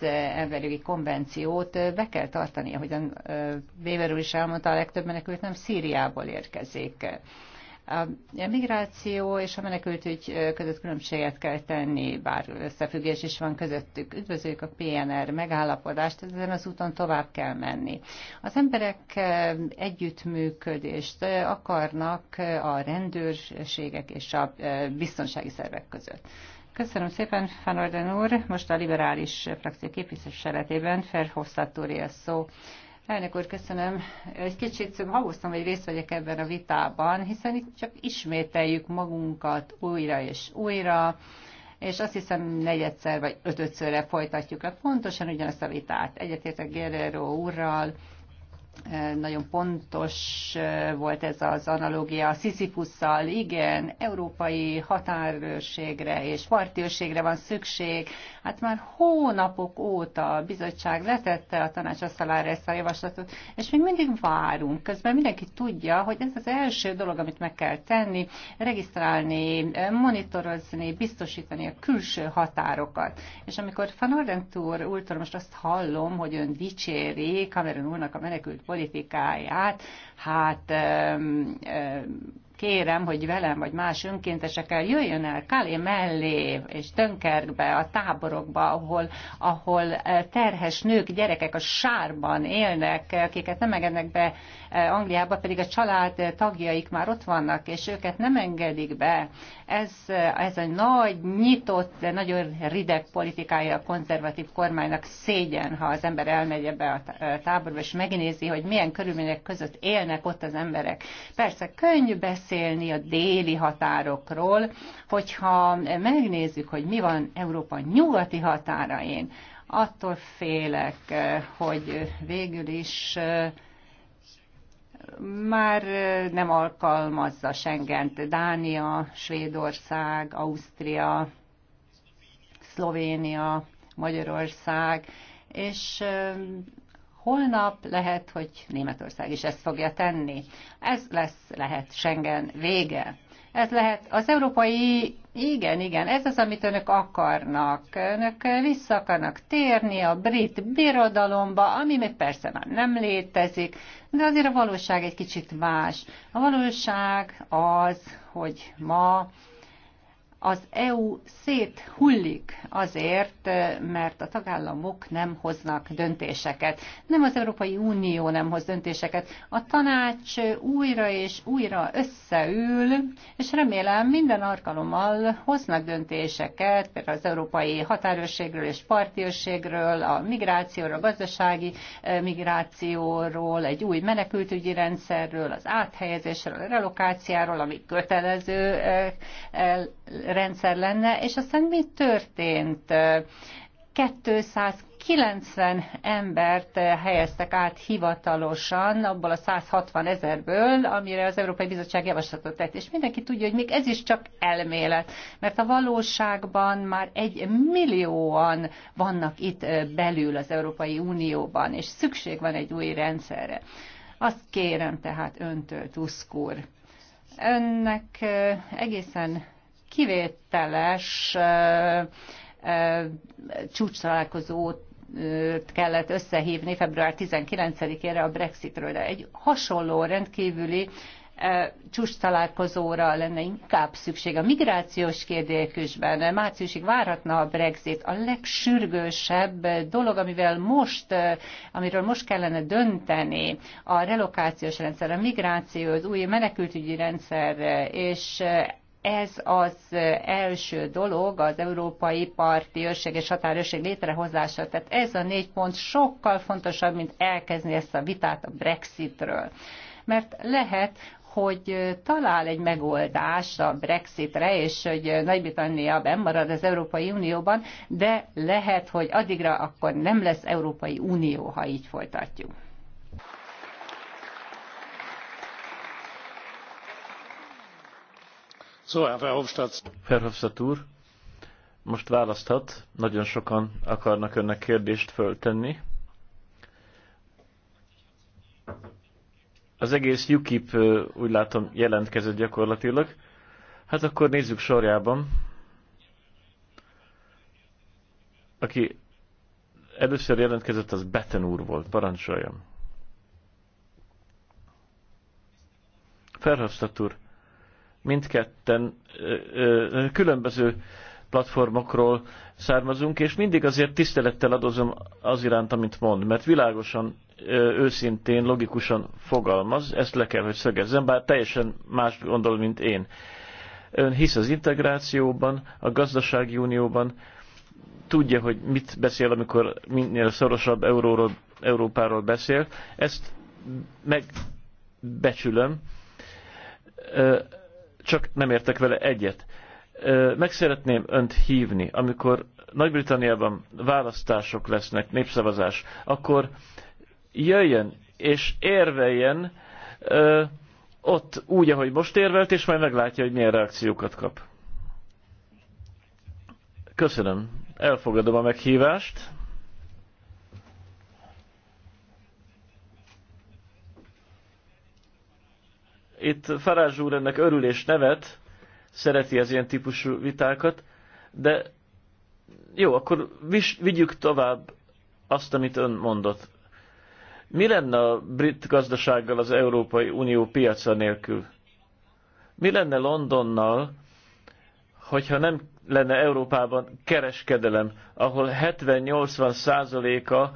eh, emberi konvenciót eh, be kell tartani, ahogyan Weber úr is elmondta, a legtöbb menekült nem Szíriából érkezik. A migráció és a menekültügy között különbséget kell tenni, bár összefüggés is van közöttük. Üdvözlők a PNR megállapodást, ezen az úton tovább kell menni. Az emberek eh, együttműködést eh, akarnak eh, a rendőrségek és a biztonsági szervek között. Köszönöm szépen, Fanorden úr. Most a liberális frakció képviseletében Ferhofstadt a szó Elnök úr, köszönöm. Egy kicsit hahoztam, hogy részt vegyek ebben a vitában, hiszen itt csak ismételjük magunkat újra és újra, és azt hiszem negyedszer vagy ötödszörre folytatjuk le pontosan ugyanazt a vitát. Egyetértek Guerrero úrral, nagyon pontos volt ez az analógia Sisyphusszal. Igen, európai határőrségre és partőrségre van szükség. Hát már hónapok óta a bizottság letette a tanács asztalára ezt a javaslatot, és még mindig várunk. Közben mindenki tudja, hogy ez az első dolog, amit meg kell tenni, regisztrálni, monitorozni, biztosítani a külső határokat. És amikor Van Ordentúr úrtól most azt hallom, hogy ön dicséri kamerán úrnak a menekült politikáját, hát kérem, hogy velem vagy más önkéntesekkel jöjjön el Kali mellé, és Tönkerkbe, a táborokba, ahol, ahol eh, terhes nők, gyerekek a sárban élnek, eh, akiket nem engednek be Angliában pedig a család tagjaik már ott vannak, és őket nem engedik be. Ez, ez a nagy, nyitott, de nagyon rideg politikája a konzervatív kormánynak szégyen, ha az ember elmegy ebbe a táborba, és megnézi, hogy milyen körülmények között élnek ott az emberek. Persze könnyű beszélni a déli határokról, hogyha megnézzük, hogy mi van Európa nyugati határain, attól félek, hogy végül is már nem alkalmazza Schengent. Dánia, Svédország, Ausztria, Szlovénia, Magyarország, és holnap lehet, hogy Németország is ezt fogja tenni. Ez lesz lehet Schengen vége. Ez lehet az európai igen, igen, ez az, amit önök akarnak. Önök vissza akarnak térni a brit birodalomba, ami még persze már nem létezik, de azért a valóság egy kicsit más. A valóság az, hogy ma az EU szét hullik azért, mert a tagállamok nem hoznak döntéseket. Nem az Európai Unió nem hoz döntéseket. A tanács újra és újra összeül, és remélem minden alkalommal hoznak döntéseket, például az európai határőrségről és partiőrségről, a migrációról, a gazdasági migrációról, egy új menekültügyi rendszerről, az áthelyezésről, a relokáciáról, ami kötelező rendszer lenne, és aztán mi történt? 290 embert helyeztek át hivatalosan abból a 160 ezerből, amire az Európai Bizottság javaslatot tett. És mindenki tudja, hogy még ez is csak elmélet, mert a valóságban már egy millióan vannak itt belül az Európai Unióban, és szükség van egy új rendszerre. Azt kérem tehát öntől, Tusk úr. Önnek egészen kivételes csúcs találkozót kellett összehívni február 19-ére a Brexitről, de egy hasonló rendkívüli csúcs találkozóra lenne inkább szükség. A migrációs kérdésben márciusig várhatna a Brexit. A legsürgősebb dolog, amivel most, amiről most kellene dönteni, a relokációs rendszer, a migráció, az új menekültügyi rendszer, és ez az első dolog, az Európai Parti Őrség és Határőrség létrehozása. Tehát ez a négy pont sokkal fontosabb, mint elkezdeni ezt a vitát a Brexitről. Mert lehet, hogy talál egy megoldást a Brexitre, és hogy Nagy-Britannia marad az Európai Unióban, de lehet, hogy addigra akkor nem lesz Európai Unió, ha így folytatjuk. Szóval, Verhofstadt. úr, most választhat. Nagyon sokan akarnak önnek kérdést föltenni. Az egész UKIP úgy látom jelentkezett gyakorlatilag. Hát akkor nézzük sorjában. Aki először jelentkezett, az Beten úr volt. Parancsoljam. Verhofstadt úr, mindketten ö, ö, különböző platformokról származunk, és mindig azért tisztelettel adozom az iránt, amit mond, mert világosan, őszintén, logikusan fogalmaz, ezt le kell, hogy szögezzem, bár teljesen más gondol, mint én. Ön hisz az integrációban, a gazdasági unióban, tudja, hogy mit beszél, amikor minél szorosabb euróról, Európáról beszél. Ezt megbecsülöm csak nem értek vele egyet. Meg szeretném önt hívni, amikor Nagy-Britanniában választások lesznek, népszavazás, akkor jöjjön és érveljen ott úgy, ahogy most érvelt, és majd meglátja, hogy milyen reakciókat kap. Köszönöm. Elfogadom a meghívást. Itt Farázs úr ennek örül és nevet, szereti az ilyen típusú vitákat, de jó, akkor vis, vigyük tovább azt, amit ön mondott. Mi lenne a brit gazdasággal az Európai Unió piaca nélkül? Mi lenne Londonnal, hogyha nem lenne Európában kereskedelem, ahol 70-80 százaléka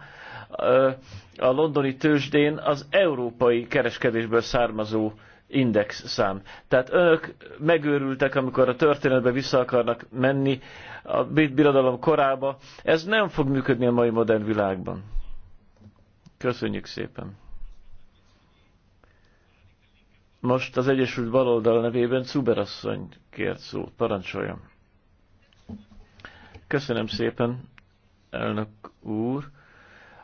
a londoni tőzsdén az európai kereskedésből származó index szám. Tehát önök megőrültek, amikor a történetbe vissza akarnak menni a brit birodalom korába. Ez nem fog működni a mai modern világban. Köszönjük szépen. Most az Egyesült Baloldal nevében Cuber asszony kért szót. Parancsoljam. Köszönöm szépen, elnök úr.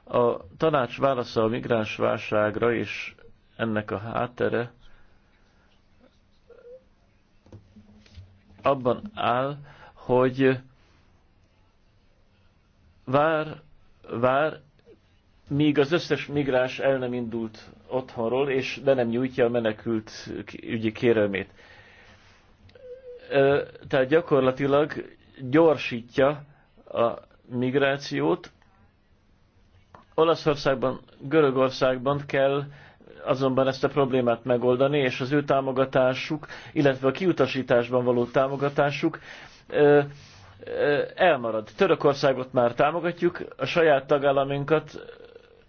A tanács válasza a migráns válságra és ennek a háttere abban áll, hogy vár, vár, míg az összes migráns el nem indult otthonról, és de nem nyújtja a menekült ügyi kérelmét. Tehát gyakorlatilag gyorsítja a migrációt. Olaszországban, Görögországban kell azonban ezt a problémát megoldani, és az ő támogatásuk, illetve a kiutasításban való támogatásuk elmarad. Törökországot már támogatjuk, a saját tagállaminkat,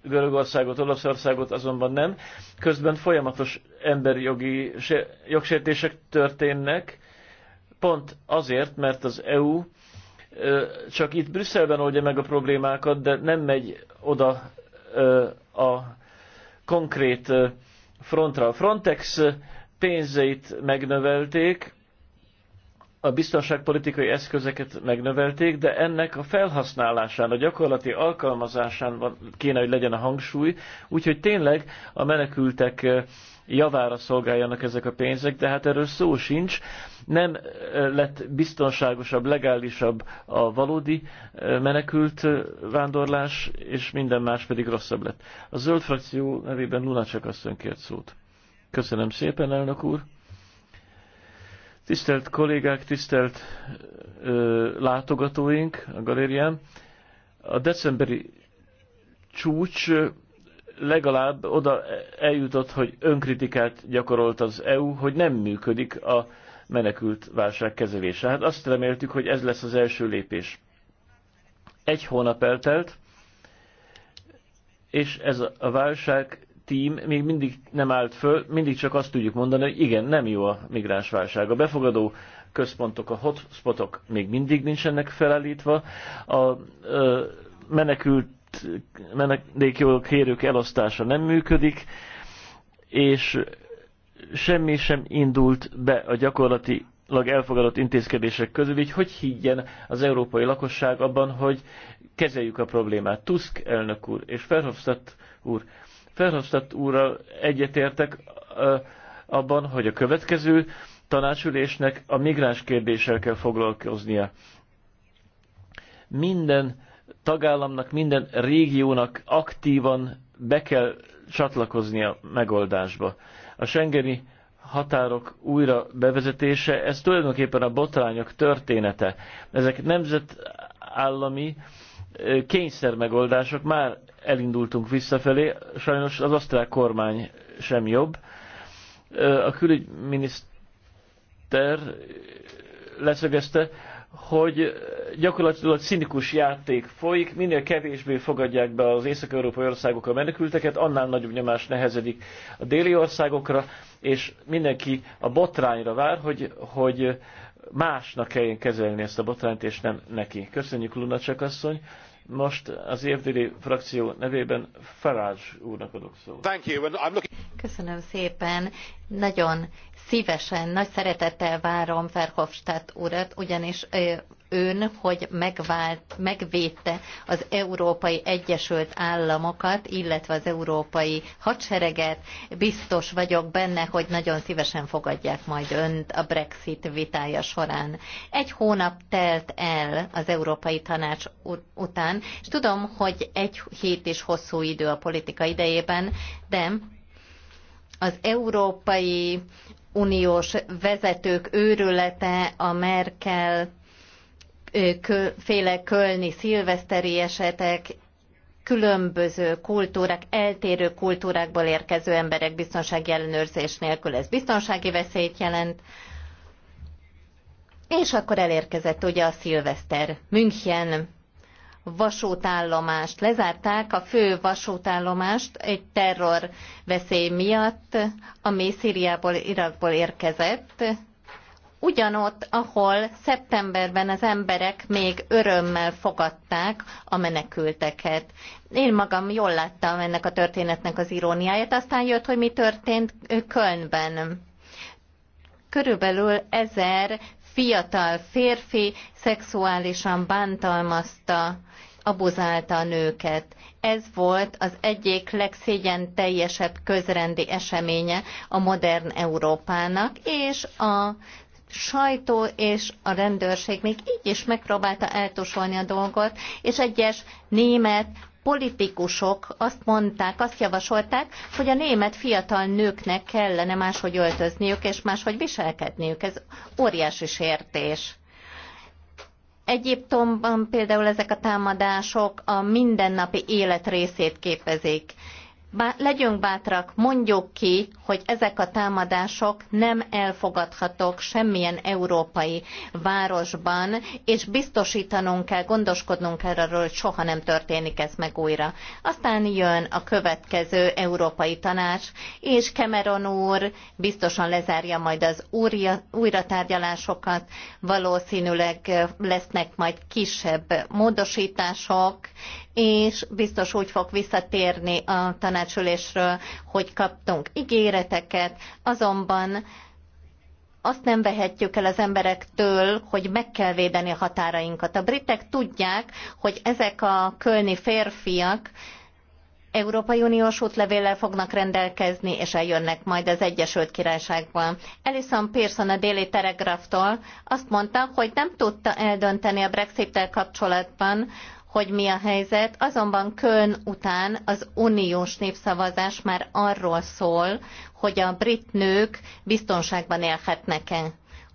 Görögországot, Olaszországot azonban nem. Közben folyamatos emberi jogi jogsértések történnek, pont azért, mert az EU csak itt Brüsszelben oldja meg a problémákat, de nem megy oda a konkrét frontra. A Frontex pénzeit megnövelték, a biztonságpolitikai eszközeket megnövelték, de ennek a felhasználásán, a gyakorlati alkalmazásán van, kéne, hogy legyen a hangsúly, úgyhogy tényleg a menekültek eh, javára szolgáljanak ezek a pénzek, de hát erről szó sincs. Nem eh, lett biztonságosabb, legálisabb a valódi eh, menekült vándorlás, és minden más pedig rosszabb lett. A zöld frakció nevében Lunacsak asszony kért szót. Köszönöm szépen, elnök úr! Tisztelt kollégák, tisztelt ö, látogatóink a galérián! A decemberi csúcs legalább oda eljutott, hogy önkritikát gyakorolt az EU, hogy nem működik a menekült válság kezelése. Hát azt reméltük, hogy ez lesz az első lépés. Egy hónap eltelt, és ez a válság Team még mindig nem állt föl, mindig csak azt tudjuk mondani, hogy igen, nem jó a migránsválság. A befogadó központok, a hotspotok még mindig nincsenek felállítva, a ö, menekült menedékjogok kérők elosztása nem működik, és semmi sem indult be a gyakorlati elfogadott intézkedések közül, így hogy higgyen az európai lakosság abban, hogy kezeljük a problémát. Tusk elnök úr és Verhofstadt úr Verhofstadt úrral egyetértek abban, hogy a következő tanácsülésnek a migráns kérdéssel kell foglalkoznia. Minden tagállamnak, minden régiónak aktívan be kell csatlakoznia a megoldásba. A Schengeni határok újra bevezetése, ez tulajdonképpen a botrányok története. Ezek nemzetállami kényszer megoldások, már elindultunk visszafelé, sajnos az osztrák kormány sem jobb. A külügyminiszter leszögezte, hogy gyakorlatilag szinikus játék folyik, minél kevésbé fogadják be az észak-európai országok a menekülteket, annál nagyobb nyomás nehezedik a déli országokra, és mindenki a botrányra vár, hogy, hogy másnak kelljen kezelni ezt a botrányt, és nem neki. Köszönjük Lunacsak asszony. Most az évdéli frakció nevében Farage úrnak adok szót. Köszönöm szépen. Nagyon szívesen, nagy szeretettel várom Verhofstadt urat, ugyanis ön, hogy megvált, megvédte az Európai Egyesült Államokat, illetve az Európai Hadsereget. Biztos vagyok benne, hogy nagyon szívesen fogadják majd önt a Brexit vitája során. Egy hónap telt el az Európai Tanács után, és tudom, hogy egy hét is hosszú idő a politika idejében, de az Európai Uniós vezetők őrülete, a Merkel féle kölni szilveszteri esetek, különböző kultúrák, eltérő kultúrákból érkező emberek biztonsági ellenőrzés nélkül ez biztonsági veszélyt jelent. És akkor elérkezett ugye a szilveszter. München vasútállomást lezárták, a fő vasútállomást egy terror veszély miatt, ami Szíriából, Irakból érkezett, ugyanott, ahol szeptemberben az emberek még örömmel fogadták a menekülteket. Én magam jól láttam ennek a történetnek az iróniáját, aztán jött, hogy mi történt Kölnben. Körülbelül ezer fiatal férfi szexuálisan bántalmazta, abuzálta a nőket. Ez volt az egyik legszégyen teljesebb közrendi eseménye a modern Európának, és a sajtó és a rendőrség még így is megpróbálta eltusolni a dolgot, és egyes német politikusok azt mondták, azt javasolták, hogy a német fiatal nőknek kellene máshogy öltözniük és máshogy viselkedniük. Ez óriási sértés. Egyiptomban például ezek a támadások a mindennapi élet részét képezik legyünk bátrak, mondjuk ki, hogy ezek a támadások nem elfogadhatók semmilyen európai városban, és biztosítanunk kell, gondoskodnunk kell arról, hogy soha nem történik ez meg újra. Aztán jön a következő Európai Tanács, és Cameron úr biztosan lezárja majd az újra, újratárgyalásokat, valószínűleg lesznek majd kisebb módosítások, és biztos úgy fog visszatérni a tanácsülésről, hogy kaptunk ígéreteket, azonban azt nem vehetjük el az emberektől, hogy meg kell védeni a határainkat. A britek tudják, hogy ezek a kölni férfiak Európai Uniós útlevéllel fognak rendelkezni, és eljönnek majd az Egyesült Királyságban. Alison Pearson a déli telegraftól azt mondta, hogy nem tudta eldönteni a Brexit-tel kapcsolatban, hogy mi a helyzet, azonban Köln után az uniós népszavazás már arról szól, hogy a brit nők biztonságban élhetnek-e.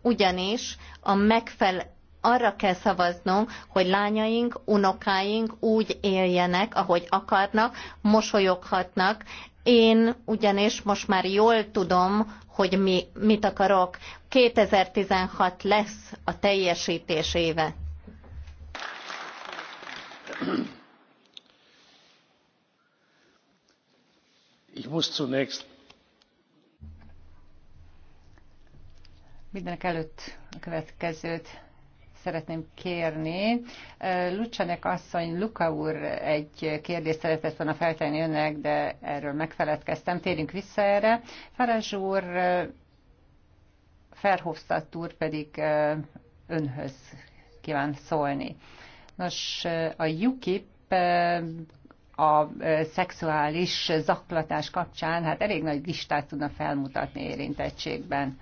Ugyanis a megfelelő arra kell szavaznunk, hogy lányaink, unokáink úgy éljenek, ahogy akarnak, mosolyoghatnak. Én ugyanis most már jól tudom, hogy mi, mit akarok. 2016 lesz a teljesítés éve ich muss zunächst a következőt szeretném kérni. Lucsanek asszony, Luka úr egy kérdést szeretett volna feltenni önnek, de erről megfeledkeztem. Térjünk vissza erre. Farázs úr, Ferhofstadt úr pedig önhöz kíván szólni. Nos, a UKIP eh, a eh, szexuális zaklatás kapcsán hát elég nagy listát tudna felmutatni érintettségben.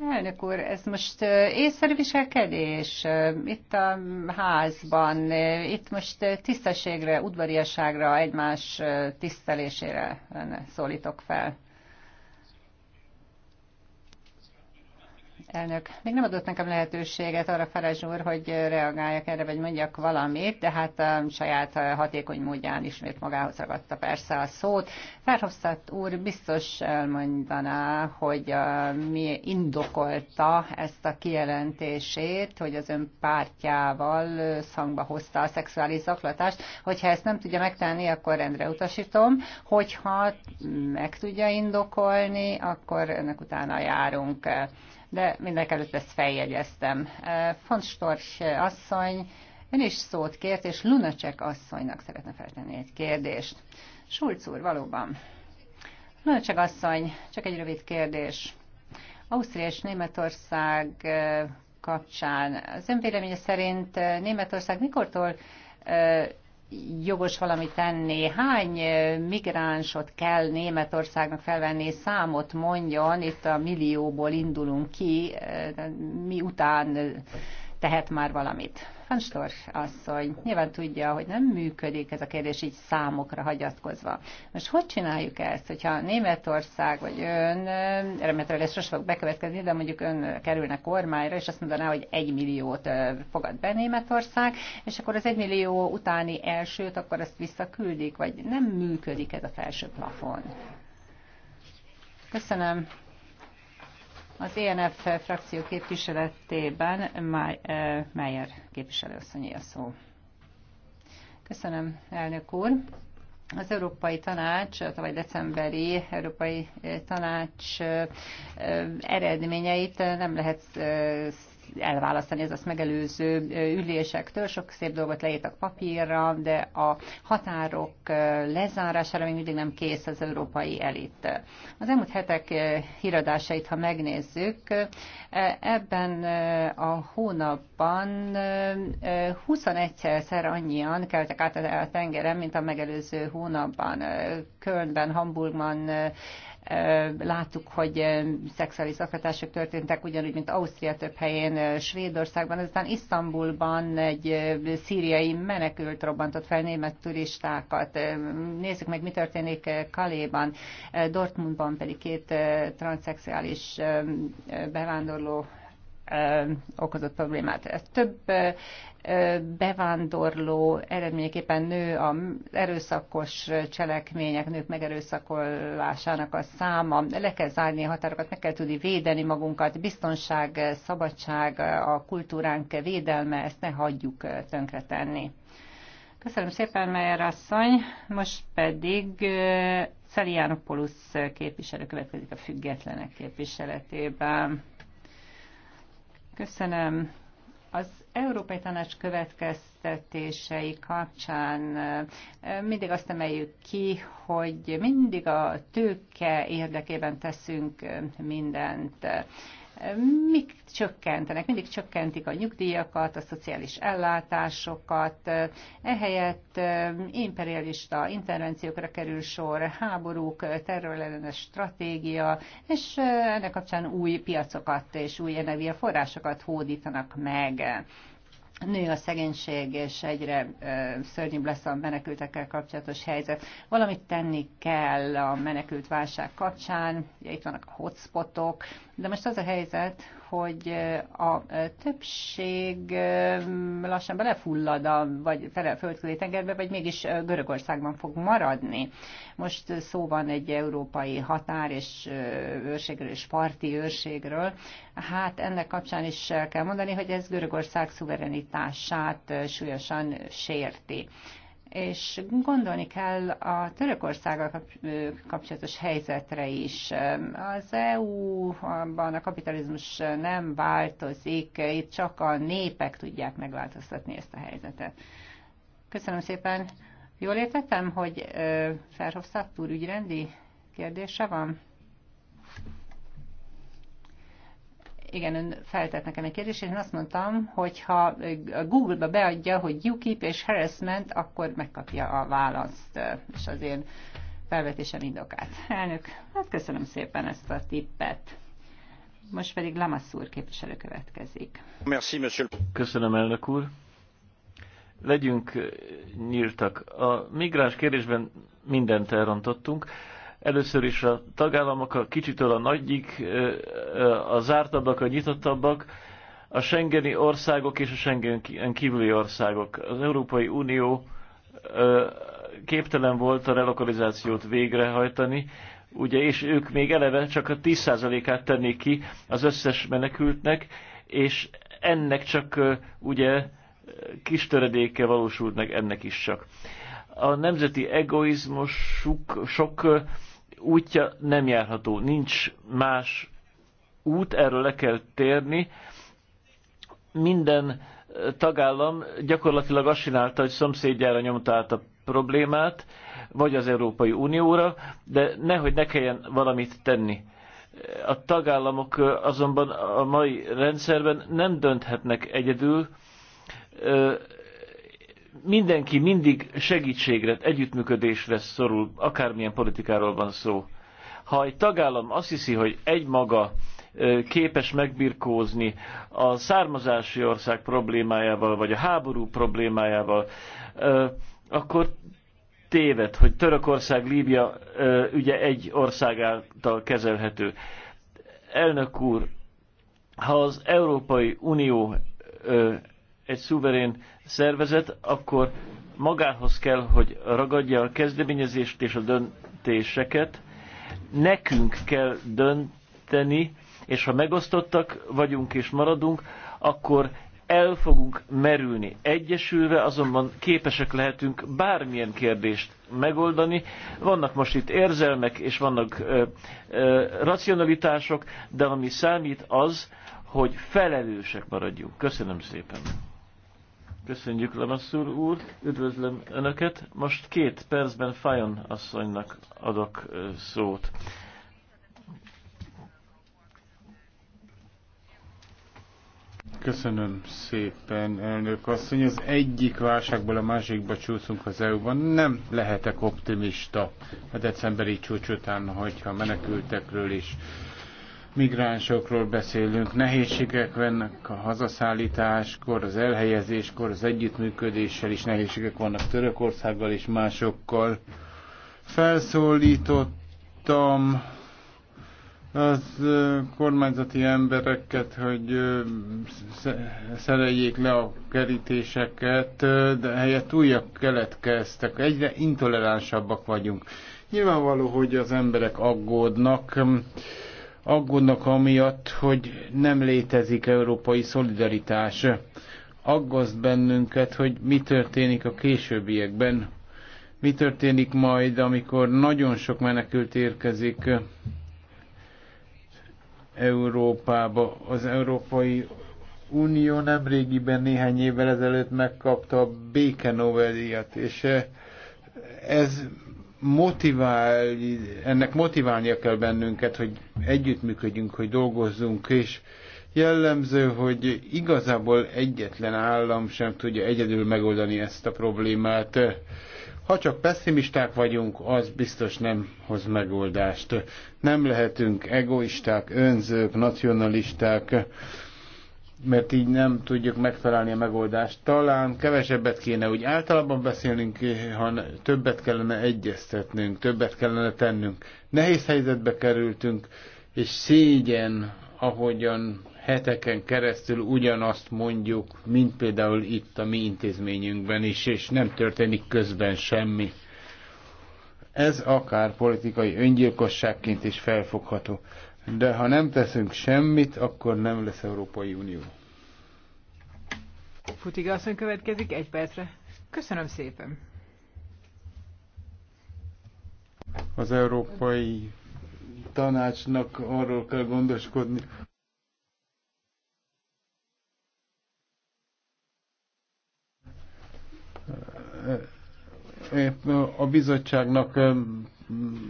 Elnök úr, ez most észszerű viselkedés itt a házban, itt most tisztességre, udvariasságra, egymás tisztelésére szólítok fel. elnök. Még nem adott nekem lehetőséget arra, Farázs úr, hogy reagáljak erre, vagy mondjak valamit, de hát a um, saját uh, hatékony módján ismét magához ragadta persze a szót. Verhofstadt úr biztos elmondaná, hogy uh, mi indokolta ezt a kijelentését, hogy az ön pártjával uh, szangba hozta a szexuális zaklatást. Hogyha ezt nem tudja megtenni, akkor rendre utasítom. Hogyha meg tudja indokolni, akkor ennek utána járunk de mindenek előtt ezt feljegyeztem. Font Storch asszony, ön is szót kért, és Lunacek asszonynak szeretne feltenni egy kérdést. Schulz úr, valóban. Lunacek asszony, csak egy rövid kérdés. Ausztria és Németország kapcsán. Az ön véleménye szerint Németország mikortól jogos valamit tenni, hány migránsot kell Németországnak felvenni számot mondjon, itt a millióból indulunk ki, mi után tehet már valamit. Van Stors asszony nyilván tudja, hogy nem működik ez a kérdés így számokra hagyatkozva. Most hogy csináljuk ezt, hogyha Németország vagy ön, remélhetőleg ez sosem fog bekövetkezni, de mondjuk ön kerülne kormányra, és azt mondaná, hogy egy milliót fogad be Németország, és akkor az egy millió utáni elsőt, akkor ezt visszaküldik, vagy nem működik ez a felső plafon. Köszönöm. Az ENF frakció képviseletében eh, Meyer képviselőasszonyi a szó. Köszönöm, elnök úr. Az Európai Tanács, a tavaly decemberi Európai Tanács eh, eredményeit nem lehet eh, elválasztani az azt megelőző ülésektől. Sok szép dolgot leírtak papírra, de a határok lezárására még mindig nem kész az európai elit. Az elmúlt hetek híradásait, ha megnézzük, ebben a hónapban 21-szer annyian keltek át a tengeren, mint a megelőző hónapban. Kölnben, Hamburgban, láttuk, hogy szexuális zaklatások történtek, ugyanúgy, mint Ausztria több helyén, Svédországban, aztán Isztambulban egy szíriai menekült robbantott fel német turistákat. Nézzük meg, mi történik Kaléban, Dortmundban pedig két transzexuális bevándorló okozott problémát. Több bevándorló eredményeképpen nő a erőszakos cselekmények, nők megerőszakolásának a száma. Le kell zárni a határokat, meg kell tudni védeni magunkat. Biztonság, szabadság, a kultúránk védelme, ezt ne hagyjuk tönkretenni. Köszönöm szépen, Meyer asszony. Most pedig Szeliánopoulos képviselő következik a függetlenek képviseletében. Köszönöm. Az Európai Tanács következtetései kapcsán mindig azt emeljük ki, hogy mindig a tőke érdekében teszünk mindent mik csökkentenek, mindig csökkentik a nyugdíjakat, a szociális ellátásokat, ehelyett imperialista intervenciókra kerül sor, háborúk, terrorellenes stratégia, és ennek kapcsán új piacokat és új energiaforrásokat hódítanak meg nő a szegénység, és egyre szörnyűbb lesz a menekültekkel kapcsolatos helyzet. Valamit tenni kell a menekült válság kapcsán, ugye itt vannak a hotspotok, de most az a helyzet, hogy a többség lassan belefullad a vagy fele, földközi tengerbe, vagy mégis Görögországban fog maradni. Most szó van egy európai határ és őrségről és parti őrségről. Hát ennek kapcsán is kell mondani, hogy ez Görögország szuverenitását súlyosan sérti és gondolni kell a Törökországgal kapcsolatos helyzetre is. Az EU-ban a kapitalizmus nem változik, itt csak a népek tudják megváltoztatni ezt a helyzetet. Köszönöm szépen. Jól értettem, hogy Ferhofstadt úr ügyrendi kérdése van? igen, ön feltett nekem egy kérdést, és én azt mondtam, hogy ha Google-ba beadja, hogy UKIP és harassment, akkor megkapja a választ, és az én felvetésem indokát. Elnök, hát köszönöm szépen ezt a tippet. Most pedig Lamassur képviselő következik. Merci, monsieur. Köszönöm, elnök úr. Legyünk nyíltak. A migráns kérdésben mindent elrontottunk. Először is a tagállamok a kicsitől a nagyik, a zártabbak, a nyitottabbak, a Schengeni országok és a Schengen kívüli országok. Az Európai Unió képtelen volt a relokalizációt végrehajtani, ugye, és ők még eleve csak a 10%-át tennék ki az összes menekültnek, és ennek csak ugye kis töredéke valósult meg ennek is csak a nemzeti egoizmusuk sok útja nem járható. Nincs más út, erről le kell térni. Minden tagállam gyakorlatilag azt csinálta, hogy szomszédjára nyomta át a problémát, vagy az Európai Unióra, de nehogy ne kelljen valamit tenni. A tagállamok azonban a mai rendszerben nem dönthetnek egyedül, mindenki mindig segítségre, együttműködésre szorul, akármilyen politikáról van szó. Ha egy tagállam azt hiszi, hogy egymaga képes megbirkózni a származási ország problémájával, vagy a háború problémájával, akkor téved, hogy Törökország, Líbia ügye egy ország által kezelhető. Elnök úr, ha az Európai Unió egy szuverén szervezet, akkor magához kell, hogy ragadja a kezdeményezést és a döntéseket. Nekünk kell dönteni, és ha megosztottak vagyunk és maradunk, akkor el fogunk merülni. Egyesülve azonban képesek lehetünk bármilyen kérdést megoldani. Vannak most itt érzelmek, és vannak ö, ö, racionalitások, de ami számít az, hogy felelősek maradjunk. Köszönöm szépen! Köszönjük, Lamassur úr, üdvözlöm Önöket. Most két percben Fajon asszonynak adok szót. Köszönöm szépen, elnök asszony. Az egyik válságból a másikba csúszunk az EU-ban. Nem lehetek optimista a decemberi csúcs után, hogyha menekültekről is migránsokról beszélünk, nehézségek vannak a hazaszállításkor, az elhelyezéskor, az együttműködéssel is nehézségek vannak Törökországgal és másokkal. Felszólítottam az kormányzati embereket, hogy szereljék le a kerítéseket, de helyett újak keletkeztek. Egyre intoleránsabbak vagyunk. Nyilvánvaló, hogy az emberek aggódnak aggódnak amiatt, hogy nem létezik európai szolidaritás. Aggaszt bennünket, hogy mi történik a későbbiekben. Mi történik majd, amikor nagyon sok menekült érkezik Európába. Az Európai Unió nemrégiben néhány évvel ezelőtt megkapta a béke és ez motivál, ennek motiválnia kell bennünket, hogy együttműködjünk, hogy dolgozzunk, és jellemző, hogy igazából egyetlen állam sem tudja egyedül megoldani ezt a problémát. Ha csak pessimisták vagyunk, az biztos nem hoz megoldást. Nem lehetünk egoisták, önzők, nacionalisták mert így nem tudjuk megtalálni a megoldást. Talán kevesebbet kéne úgy általában beszélnünk, ha többet kellene egyeztetnünk, többet kellene tennünk. Nehéz helyzetbe kerültünk, és szégyen, ahogyan heteken keresztül ugyanazt mondjuk, mint például itt a mi intézményünkben is, és nem történik közben semmi. Ez akár politikai öngyilkosságként is felfogható. De ha nem teszünk semmit, akkor nem lesz Európai Unió. Futiga asszony következik egy percre. Köszönöm szépen. Az Európai Tanácsnak arról kell gondoskodni, a bizottságnak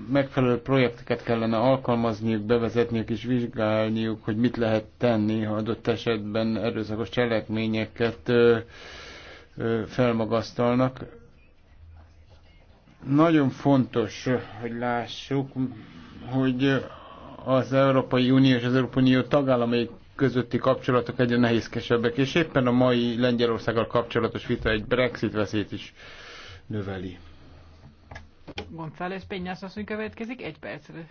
megfelelő projekteket kellene alkalmazniuk, bevezetniük és vizsgálniuk, hogy mit lehet tenni, ha adott esetben erőszakos cselekményeket felmagasztalnak. Nagyon fontos, hogy lássuk, hogy az Európai Unió és az Európai Unió tagállamai közötti kapcsolatok egyre nehézkesebbek, és éppen a mai Lengyelországgal kapcsolatos vita egy Brexit veszélyt is növeli. González Penyász asszony következik egy percre.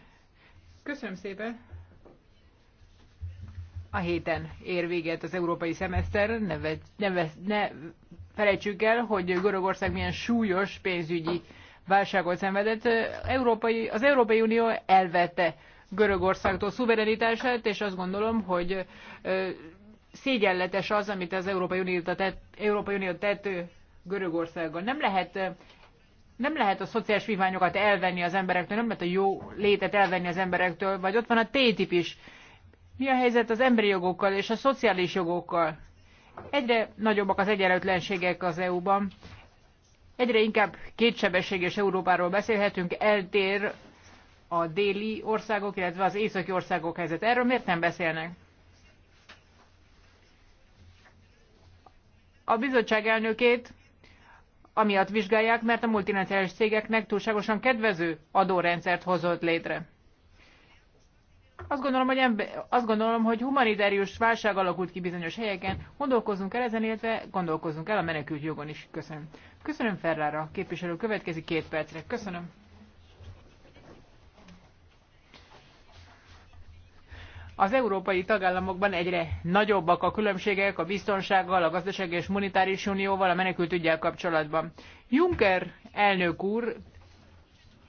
Köszönöm szépen! A héten ér véget az európai szemeszter, ne, ve, ne, ve, ne felejtsük el, hogy Görögország milyen súlyos pénzügyi válságot szenvedett. Európai, az Európai Unió elvette Görögországtól szuverenitását, és azt gondolom, hogy szégyenletes az, amit az Európai Unió tett, Európai Unió tett Görögországgal. Nem lehet nem lehet a szociális vívmányokat elvenni az emberektől, nem lehet a jó létet elvenni az emberektől, vagy ott van a TTIP is. Mi a helyzet az emberi jogokkal és a szociális jogokkal? Egyre nagyobbak az egyenlőtlenségek az EU-ban. Egyre inkább kétsebességes Európáról beszélhetünk, eltér a déli országok, illetve az északi országok helyzet. Erről miért nem beszélnek? A bizottság elnökét amiatt vizsgálják, mert a multinacionális cégeknek túlságosan kedvező adórendszert hozott létre. Azt gondolom, hogy embe, azt gondolom, hogy humanitárius válság alakult ki bizonyos helyeken. Gondolkozzunk el ezen, illetve gondolkozzunk el a menekült jogon is. Köszönöm. Köszönöm Ferrara, Képviselő következik két percre. Köszönöm. Az európai tagállamokban egyre nagyobbak a különbségek a biztonsággal, a gazdasági és monetáris unióval, a menekültügyel kapcsolatban. Juncker elnök úr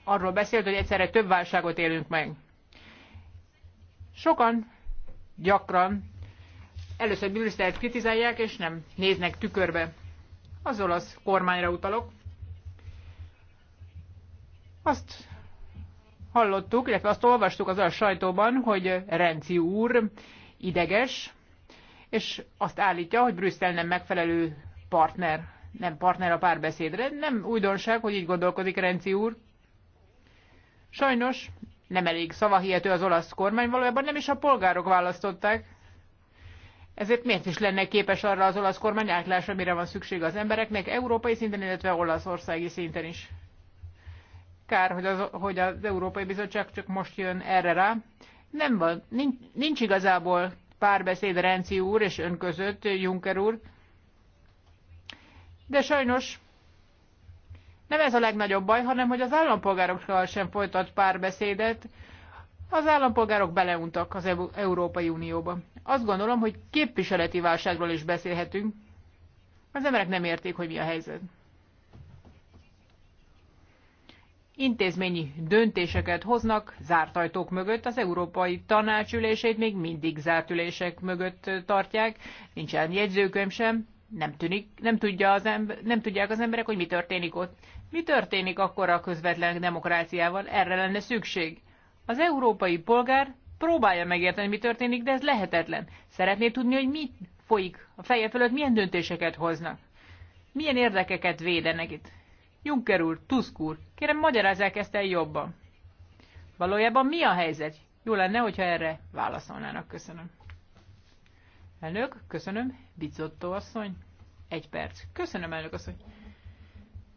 arról beszélt, hogy egyszerre több válságot élünk meg. Sokan gyakran először Brüsszelt kritizálják, és nem néznek tükörbe. Az olasz kormányra utalok. Azt hallottuk, illetve azt olvastuk az a sajtóban, hogy Renci úr ideges, és azt állítja, hogy Brüsszel nem megfelelő partner, nem partner a párbeszédre. Nem újdonság, hogy így gondolkodik Renci úr. Sajnos nem elég szavahihető az olasz kormány, valójában nem is a polgárok választották. Ezért miért is lenne képes arra az olasz kormány átlásra, mire van szüksége az embereknek, európai szinten, illetve olaszországi szinten is. Kár, hogy az, hogy az Európai Bizottság csak most jön erre rá. Nem van, nincs, nincs igazából párbeszéd Renci úr és ön között, Juncker úr. De sajnos nem ez a legnagyobb baj, hanem hogy az állampolgárokkal sem folytat párbeszédet. Az állampolgárok beleuntak az Európai Unióba. Azt gondolom, hogy képviseleti válságról is beszélhetünk. Az emberek nem értik, hogy mi a helyzet. intézményi döntéseket hoznak zárt ajtók mögött, az Európai Tanácsülését még mindig zárt ülések mögött tartják, nincsen jegyzőkönyv sem, nem, tűnik, nem, tudja az ember, nem tudják az emberek, hogy mi történik ott. Mi történik akkor a közvetlen demokráciával? Erre lenne szükség. Az európai polgár próbálja megérteni, mi történik, de ez lehetetlen. Szeretné tudni, hogy mi folyik a feje fölött, milyen döntéseket hoznak. Milyen érdekeket védenek itt. Juncker úr, Tusk úr, kérem magyarázzák ezt el jobban. Valójában mi a helyzet? Jó lenne, hogyha erre válaszolnának. Köszönöm. Elnök, köszönöm. Bizottó asszony. Egy perc. Köszönöm, elnök asszony.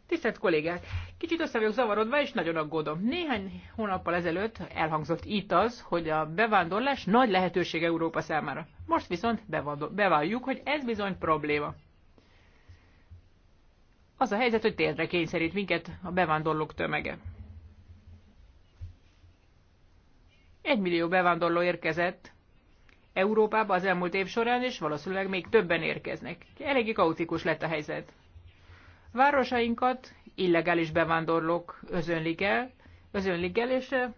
Tisztelt kollégák, kicsit össze vagyok zavarodva, és nagyon aggódom. Néhány hónappal ezelőtt elhangzott itt az, hogy a bevándorlás nagy lehetőség Európa számára. Most viszont bevalljuk, hogy ez bizony probléma. Az a helyzet, hogy térdre kényszerít minket a bevándorlók tömege. Egy millió bevándorló érkezett Európába az elmúlt év során, és valószínűleg még többen érkeznek. Eléggé kaotikus lett a helyzet. Városainkat illegális bevándorlók özönlik el, özönlik el és eh,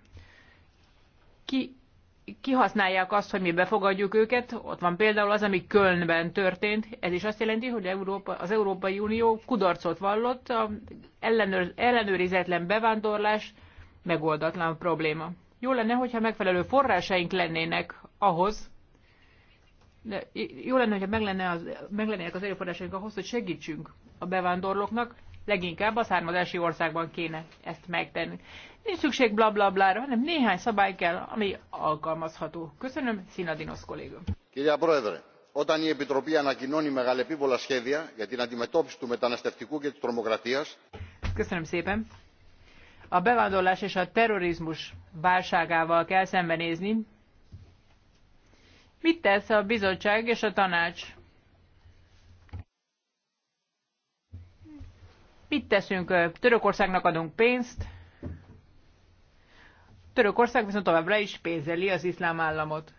ki kihasználják azt, hogy mi befogadjuk őket. Ott van például az, ami Kölnben történt. Ez is azt jelenti, hogy Európa, az Európai Unió kudarcot vallott, a ellenőr, ellenőrizetlen bevándorlás megoldatlan probléma. Jó lenne, hogyha megfelelő forrásaink lennének ahhoz, de jó lenne, hogyha meg, lenne az, meg lennének az erőforrásaink ahhoz, hogy segítsünk a bevándorlóknak, leginkább a származási országban kéne ezt megtenni. Nincs szükség blablablára, hanem néhány szabály kell, ami alkalmazható. Köszönöm, színadinos kollégő. Kérdés, Πρόεδρε, όταν η Επιτροπή ανακοινώνει μεγαλεπίβολα σχέδια για την αντιμετώπιση του μεταναστευτικού και της τρομοκρατίας... Köszönöm szépen. A bevándorlás és a terrorizmus válságával kell szembenézni. Mit tesz a bizottság és a tanács? Mit teszünk? Törökországnak adunk pénzt, Törökország viszont továbbra is pénzeli az iszlám államot.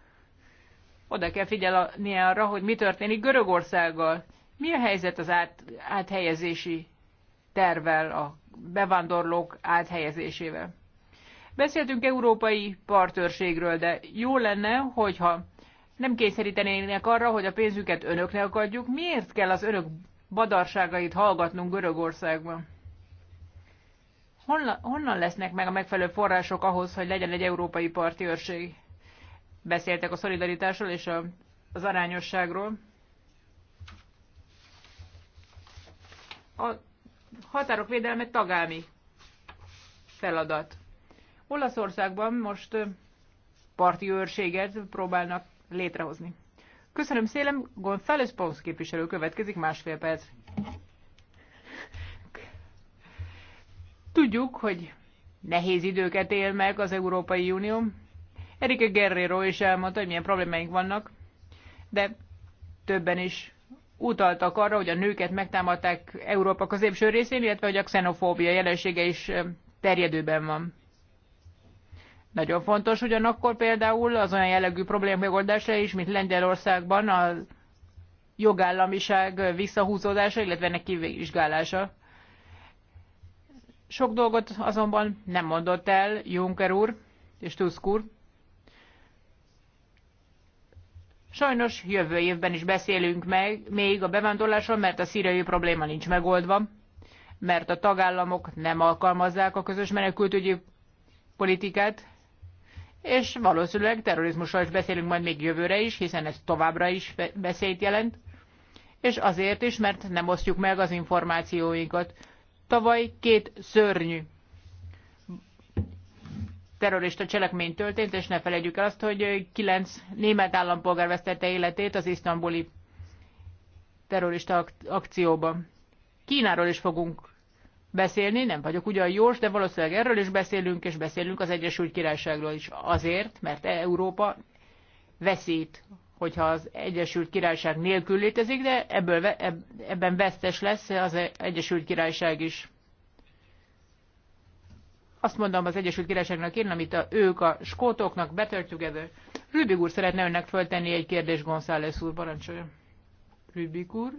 Oda kell figyelni arra, hogy mi történik Görögországgal. Mi a helyzet az át, áthelyezési tervel, a bevándorlók áthelyezésével? Beszéltünk európai partőrségről, de jó lenne, hogyha nem kényszerítenének arra, hogy a pénzüket önöknek adjuk. Miért kell az önök badarságait hallgatnunk Görögországban? Honla, honnan lesznek meg a megfelelő források ahhoz, hogy legyen egy európai parti őrség? Beszéltek a szolidaritásról és a, az arányosságról. A határok védelme tagámi feladat. Olaszországban most parti őrséget próbálnak létrehozni. Köszönöm szépen, González Pons képviselő következik másfél perc. Tudjuk, hogy nehéz időket él meg az Európai Unió. Erike Guerrero is elmondta, hogy milyen problémáink vannak, de többen is utaltak arra, hogy a nőket megtámadták Európa középső részén, illetve hogy a xenofóbia jelensége is terjedőben van. Nagyon fontos ugyanakkor például az olyan jellegű problémák megoldása is, mint Lengyelországban a jogállamiság visszahúzódása, illetve ennek kivizsgálása. Sok dolgot azonban nem mondott el Juncker úr és Tusk úr. Sajnos jövő évben is beszélünk meg még a bevándorlásról, mert a szíriai probléma nincs megoldva, mert a tagállamok nem alkalmazzák a közös menekültügyi politikát, és valószínűleg terrorizmusról is beszélünk majd még jövőre is, hiszen ez továbbra is beszélt jelent, és azért is, mert nem osztjuk meg az információinkat. Tavaly két szörnyű terrorista cselekmény történt, és ne felejtjük el azt, hogy kilenc német állampolgár vesztette életét az isztambuli terrorista akcióban. Kínáról is fogunk beszélni, nem vagyok ugyan jós, de valószínűleg erről is beszélünk, és beszélünk az Egyesült Királyságról is. Azért, mert Európa veszít hogyha az Egyesült Királyság nélkül létezik, de ebből, ebben vesztes lesz az Egyesült Királyság is. Azt mondom az Egyesült Királyságnak én, amit a, ők a skótoknak, better together. Rübig úr szeretne önnek föltenni egy kérdést, González úr, parancsoljon. Rübig úr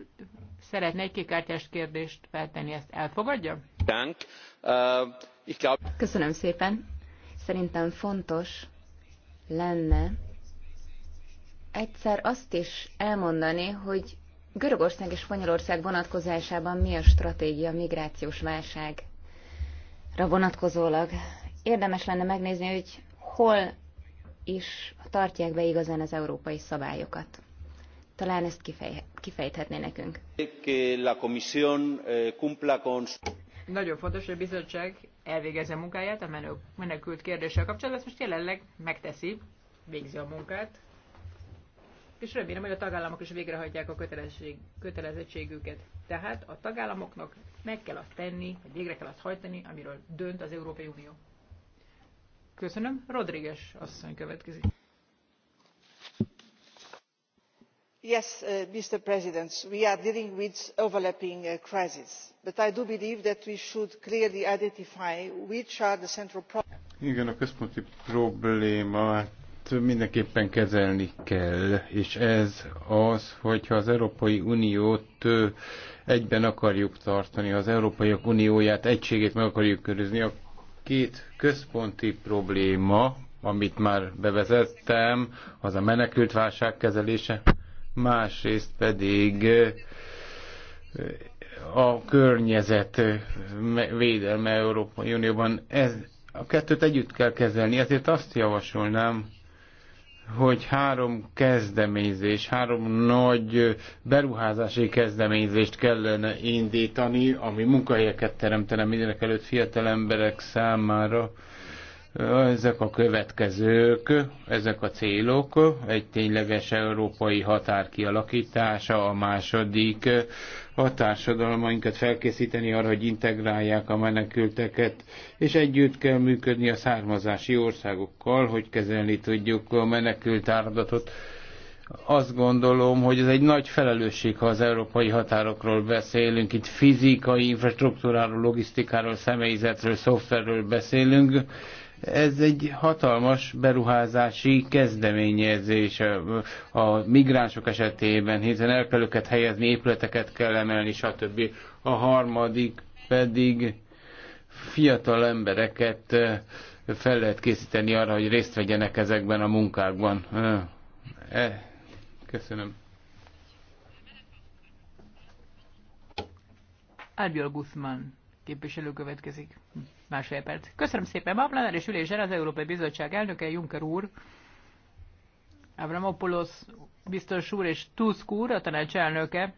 szeretne egy kikártyás kérdést feltenni, ezt elfogadja? Uh, Köszönöm szépen. Szerintem fontos lenne egyszer azt is elmondani, hogy Görögország és Spanyolország vonatkozásában mi a stratégia migrációs válságra vonatkozólag. Érdemes lenne megnézni, hogy hol is tartják be igazán az európai szabályokat. Talán ezt kifej, kifejthetné nekünk. Eh, Nagyon fontos, hogy a bizottság elvégezze munkáját a menekült kérdéssel kapcsolatban, ezt most jelenleg megteszi, végzi a munkát és remélem, hogy a tagállamok is végrehajtják a kötelesség, kötelezettségüket. Tehát a tagállamoknak meg kell azt tenni, vagy végre kell azt hajtani, amiről dönt az Európai Unió. Köszönöm. Rodríguez asszony következik. Yes, uh, Mr. President, we are dealing with overlapping uh, crises, but I do believe that we should clearly identify which are the central problems. Igen, a központi problémát mindenképpen kezelni kell, és ez az, hogyha az Európai Uniót egyben akarjuk tartani, az Európai Unióját, egységét meg akarjuk körözni a két központi probléma, amit már bevezettem, az a menekült válság kezelése, másrészt pedig a környezet védelme Európai Unióban. Ez, a kettőt együtt kell kezelni, ezért azt javasolnám, hogy három kezdeményezés, három nagy beruházási kezdeményezést kellene indítani, ami munkahelyeket teremtene mindenek előtt fiatal emberek számára. Ezek a következők, ezek a célok, egy tényleges európai határ kialakítása, a második a társadalmainkat felkészíteni arra, hogy integrálják a menekülteket, és együtt kell működni a származási országokkal, hogy kezelni tudjuk a menekült áradatot. Azt gondolom, hogy ez egy nagy felelősség, ha az európai határokról beszélünk, itt fizikai infrastruktúráról, logisztikáról, személyzetről, szoftverről beszélünk, ez egy hatalmas beruházási kezdeményezés a migránsok esetében, hiszen el kell őket helyezni, épületeket kell emelni, stb. A harmadik pedig fiatal embereket eh, fel lehet készíteni arra, hogy részt vegyenek ezekben a munkákban. Eh, eh, köszönöm. Albiol Guzmán képviselő következik. Másfél perc. Köszönöm szépen. Ma és ülésen az Európai Bizottság elnöke Juncker úr, Avramopoulos biztos úr és Tusk úr, a tanács elnöke,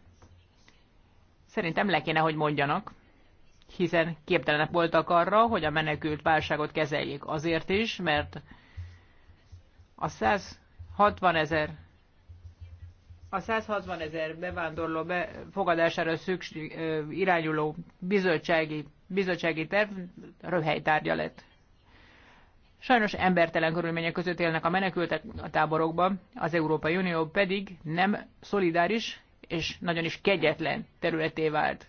szerintem le kéne, hogy mondjanak, hiszen képtelenek voltak arra, hogy a menekült válságot kezeljék. Azért is, mert a 160 ezer a 160 ezer bevándorló befogadására szükség, irányuló bizottsági, bizottsági terv röhelytárgya lett. Sajnos embertelen körülmények között élnek a menekültek a táborokban, az Európai Unió pedig nem szolidáris és nagyon is kegyetlen területé vált.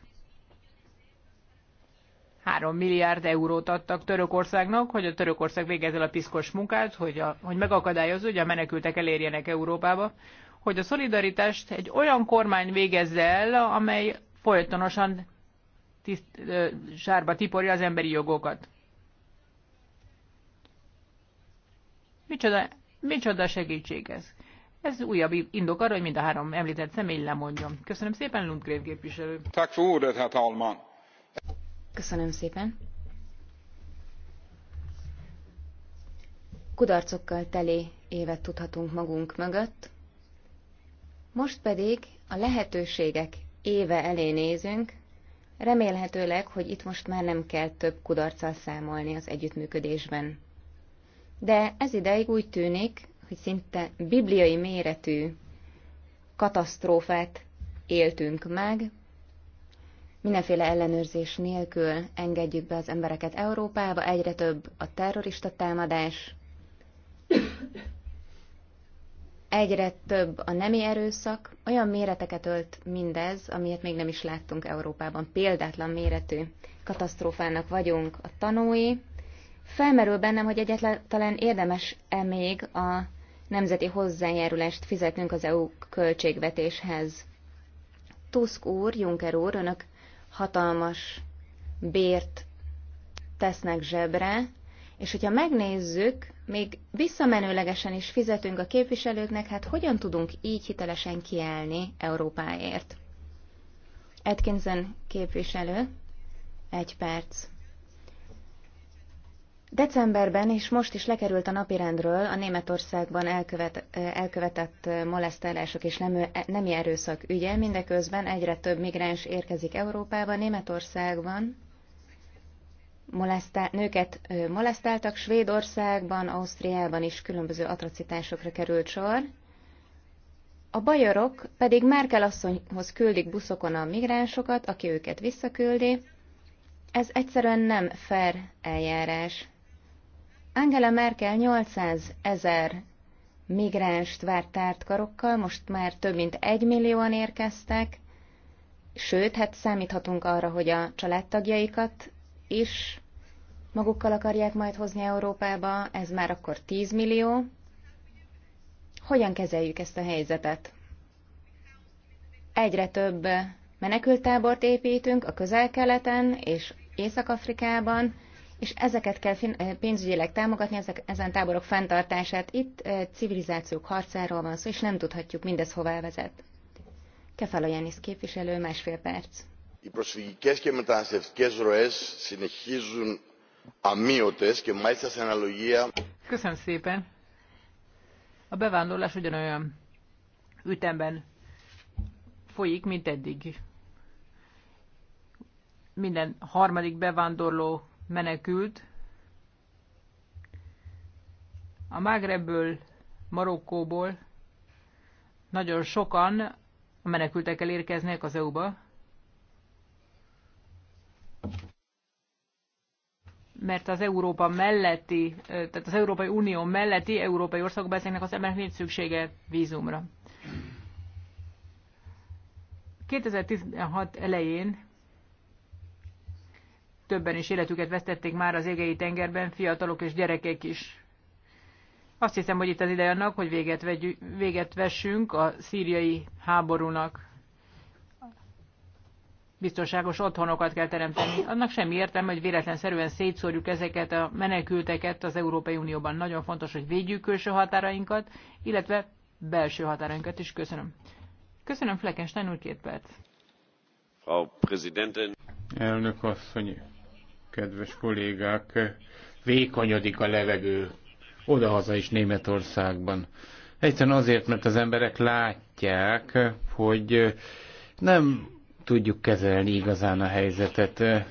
3 milliárd eurót adtak Törökországnak, hogy a Törökország végezzel a piszkos munkát, hogy, a, hogy megakadályozza, hogy a menekültek elérjenek Európába hogy a szolidaritást egy olyan kormány végezze el, amely folytonosan tiszt, sárba tiporja az emberi jogokat. Micsoda, micsoda segítség ez? Ez újabb indok arra, hogy mind a három említett személy lemondjon. Köszönöm szépen, Lundgren képviselő. Köszönöm szépen. Kudarcokkal teli évet tudhatunk magunk mögött. Most pedig a lehetőségek éve elé nézünk, remélhetőleg, hogy itt most már nem kell több kudarccal számolni az együttműködésben. De ez ideig úgy tűnik, hogy szinte bibliai méretű katasztrófát éltünk meg, mindenféle ellenőrzés nélkül engedjük be az embereket Európába, egyre több a terrorista támadás, egyre több a nemi erőszak, olyan méreteket ölt mindez, amilyet még nem is láttunk Európában. Példátlan méretű katasztrófának vagyunk a tanúi. Felmerül bennem, hogy egyetlen talán érdemes-e még a nemzeti hozzájárulást fizetnünk az EU költségvetéshez. Tusk úr, Juncker úr, önök hatalmas bért tesznek zsebre, és hogyha megnézzük, még visszamenőlegesen is fizetünk a képviselőknek, hát hogyan tudunk így hitelesen kiállni Európáért? Atkinson képviselő, egy perc. Decemberben és most is lekerült a napirendről a Németországban elkövet, elkövetett molesztálások és nem, nemi erőszak ügye, mindeközben egyre több migráns érkezik Európába, Németországban molesztál, nőket molesztáltak, Svédországban, Ausztriában is különböző atrocitásokra került sor. A bajorok pedig Merkel asszonyhoz küldik buszokon a migránsokat, aki őket visszaküldi. Ez egyszerűen nem fair eljárás. Angela Merkel 800 ezer migránst várt karokkal, most már több mint egy millióan érkeztek, sőt, hát számíthatunk arra, hogy a családtagjaikat is magukkal akarják majd hozni Európába, ez már akkor 10 millió. Hogyan kezeljük ezt a helyzetet? Egyre több menekültábort építünk a közel-keleten és Észak-Afrikában, és ezeket kell eh, pénzügyileg támogatni, ezek, ezen táborok fenntartását. Itt eh, civilizációk harcáról van szó, és nem tudhatjuk mindez hová vezet. Kefalojanis képviselő, másfél perc οι προσφυγικές και μεταναστευτικές ροές συνεχίζουν αμύωτες και μάλιστα σε αναλογία... A bevándorlás ugyanolyan ütemben folyik, mint eddig. Minden harmadik bevándorló menekült. A Mágrebből, Marokkóból nagyon sokan a menekültekkel érkeznek az EU-ba, mert az Európa melletti, tehát az Európai Unió melletti európai országokba ezeknek az embereknek nincs szüksége vízumra. 2016 elején többen is életüket vesztették már az égei tengerben, fiatalok és gyerekek is. Azt hiszem, hogy itt az ideje annak, hogy véget, vegy, véget vessünk a szíriai háborúnak biztonságos otthonokat kell teremteni. Annak semmi értelme, hogy véletlenszerűen szétszórjuk ezeket a menekülteket az Európai Unióban. Nagyon fontos, hogy védjük külső határainkat, illetve belső határainkat is. Köszönöm. Köszönöm, Fleckenstein úr, két perc. Frau Präsidentin. Elnök asszony, kedves kollégák, vékonyodik a levegő odahaza is Németországban. Egyszerűen azért, mert az emberek látják, hogy nem tudjuk kezelni igazán a helyzetet.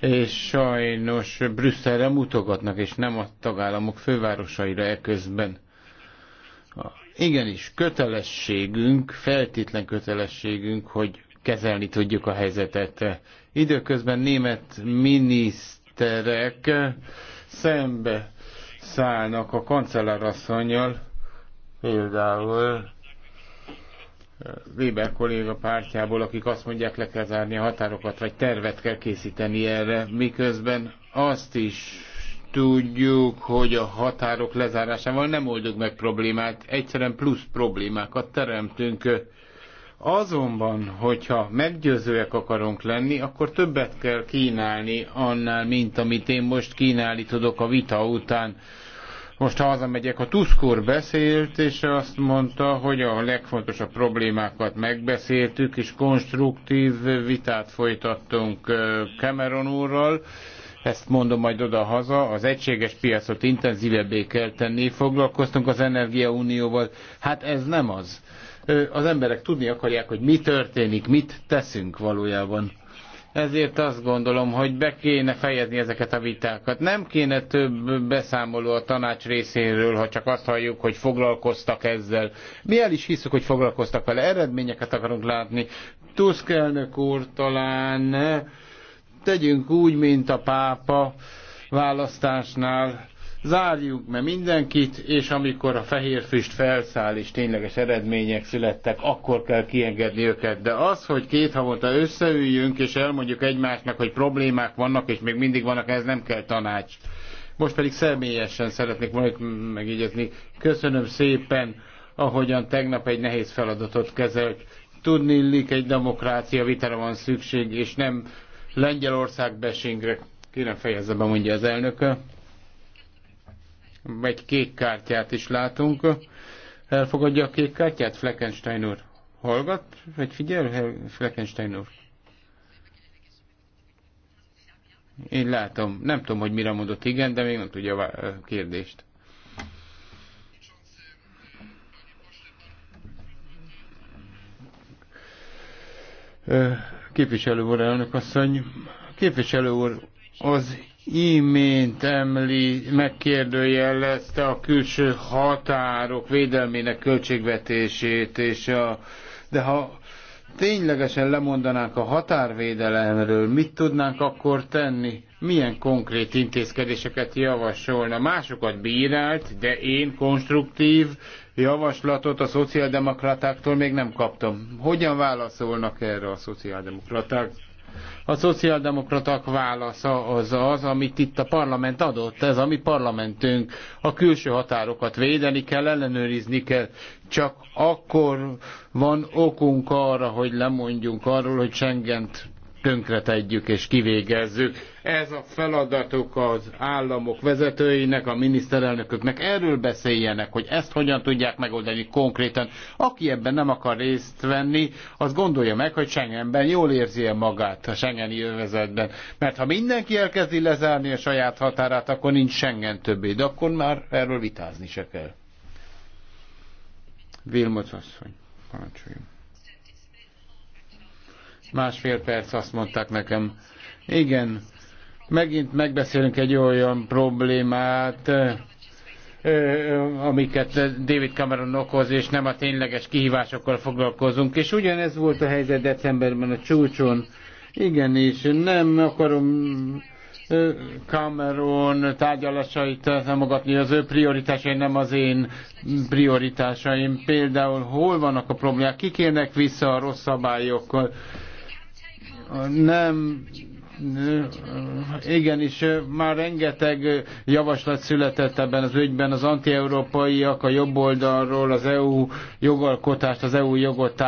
És sajnos Brüsszelre mutogatnak, és nem a tagállamok fővárosaira eközben. Igenis, kötelességünk, feltétlen kötelességünk, hogy kezelni tudjuk a helyzetet. Időközben német miniszterek szembe szállnak a kancellárasszonyjal, például Weber kolléga pártjából, akik azt mondják, le kell zárni a határokat, vagy tervet kell készíteni erre, miközben azt is tudjuk, hogy a határok lezárásával nem oldjuk meg problémát, egyszerűen plusz problémákat teremtünk. Azonban, hogyha meggyőzőek akarunk lenni, akkor többet kell kínálni annál, mint amit én most kínálni tudok a vita után. Most ha hazamegyek, a Tusk úr beszélt, és azt mondta, hogy a legfontosabb problémákat megbeszéltük, és konstruktív vitát folytattunk Cameron úrral. Ezt mondom majd oda-haza, az egységes piacot intenzívebbé kell tenni, foglalkoztunk az energiaunióval. Hát ez nem az. Az emberek tudni akarják, hogy mi történik, mit teszünk valójában. Ezért azt gondolom, hogy be kéne fejezni ezeket a vitákat. Nem kéne több beszámoló a tanács részéről, ha csak azt halljuk, hogy foglalkoztak ezzel. Mi el is hiszük, hogy foglalkoztak vele. Eredményeket akarunk látni. Tusk elnök úr talán eh, tegyünk úgy, mint a pápa választásnál zárjuk meg mindenkit, és amikor a fehér füst felszáll és tényleges eredmények születtek, akkor kell kiengedni őket. De az, hogy két havonta összeüljünk és elmondjuk egymásnak, hogy problémák vannak, és még mindig vannak, ez nem kell tanács. Most pedig személyesen szeretnék valamit megígyezni. Köszönöm szépen, ahogyan tegnap egy nehéz feladatot kezelt. Tudni illik, egy demokrácia vitára van szükség, és nem Lengyelország besingre. Kérem fejezze be, mondja az elnöke egy kék kártyát is látunk. Elfogadja a kék kártyát, Fleckenstein úr? Hallgat, vagy figyel, Fleckenstein úr? Én látom. Nem tudom, hogy mire mondott igen, de még nem tudja a kérdést. Képviselő úr, elnök asszony. Képviselő úr, az imént emli, megkérdőjelezte a külső határok védelmének költségvetését, és a, de ha ténylegesen lemondanánk a határvédelemről, mit tudnánk akkor tenni? Milyen konkrét intézkedéseket javasolna? Másokat bírált, de én konstruktív javaslatot a szociáldemokratáktól még nem kaptam. Hogyan válaszolnak erre a szociáldemokraták? A szociáldemokraták válasza az az, amit itt a parlament adott, ez a mi parlamentünk. A külső határokat védeni kell, ellenőrizni kell. Csak akkor van okunk arra, hogy lemondjunk arról, hogy Schengent tönkretegyük és kivégezzük. Ez a feladatuk az államok vezetőinek, a miniszterelnököknek. Erről beszéljenek, hogy ezt hogyan tudják megoldani konkrétan. Aki ebben nem akar részt venni, az gondolja meg, hogy Schengenben jól érzi -e magát a Schengeni övezetben. Mert ha mindenki elkezdi lezárni a saját határát, akkor nincs Schengen többé. De akkor már erről vitázni se kell. Vilmos asszony, parancsoljunk másfél perc, azt mondták nekem. Igen, megint megbeszélünk egy olyan problémát, amiket David Cameron okoz, és nem a tényleges kihívásokkal foglalkozunk. És ugyanez volt a helyzet decemberben a csúcson. Igen, és nem akarom Cameron tárgyalásait támogatni, az ő prioritásai nem az én prioritásaim. Például hol vannak a problémák, kikérnek vissza a rossz szabályokkal, nem, igenis, már rengeteg javaslat született ebben az ügyben. Az antieurópaiak a jobb oldalról az EU jogalkotást, az EU jogot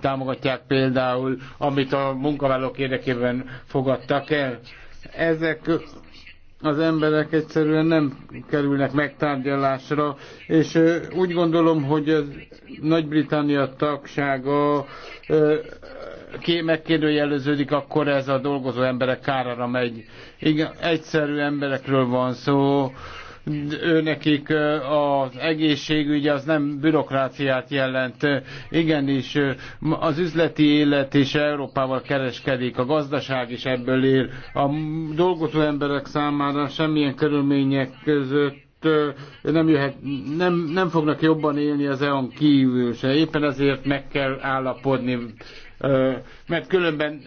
támogatják például, amit a munkavállalók érdekében fogadtak el. Ezek az emberek egyszerűen nem kerülnek megtárgyalásra, és úgy gondolom, hogy az Nagy-Britannia tagsága megkérdőjelöződik, akkor ez a dolgozó emberek kárára megy. Igen, egyszerű emberekről van szó, őnekik az egészségügy az nem bürokráciát jelent. Igenis, az üzleti élet is Európával kereskedik, a gazdaság is ebből él. A dolgozó emberek számára semmilyen körülmények között nem, jöhet, nem, nem fognak jobban élni az EON kívül se. Éppen ezért meg kell állapodni mert különben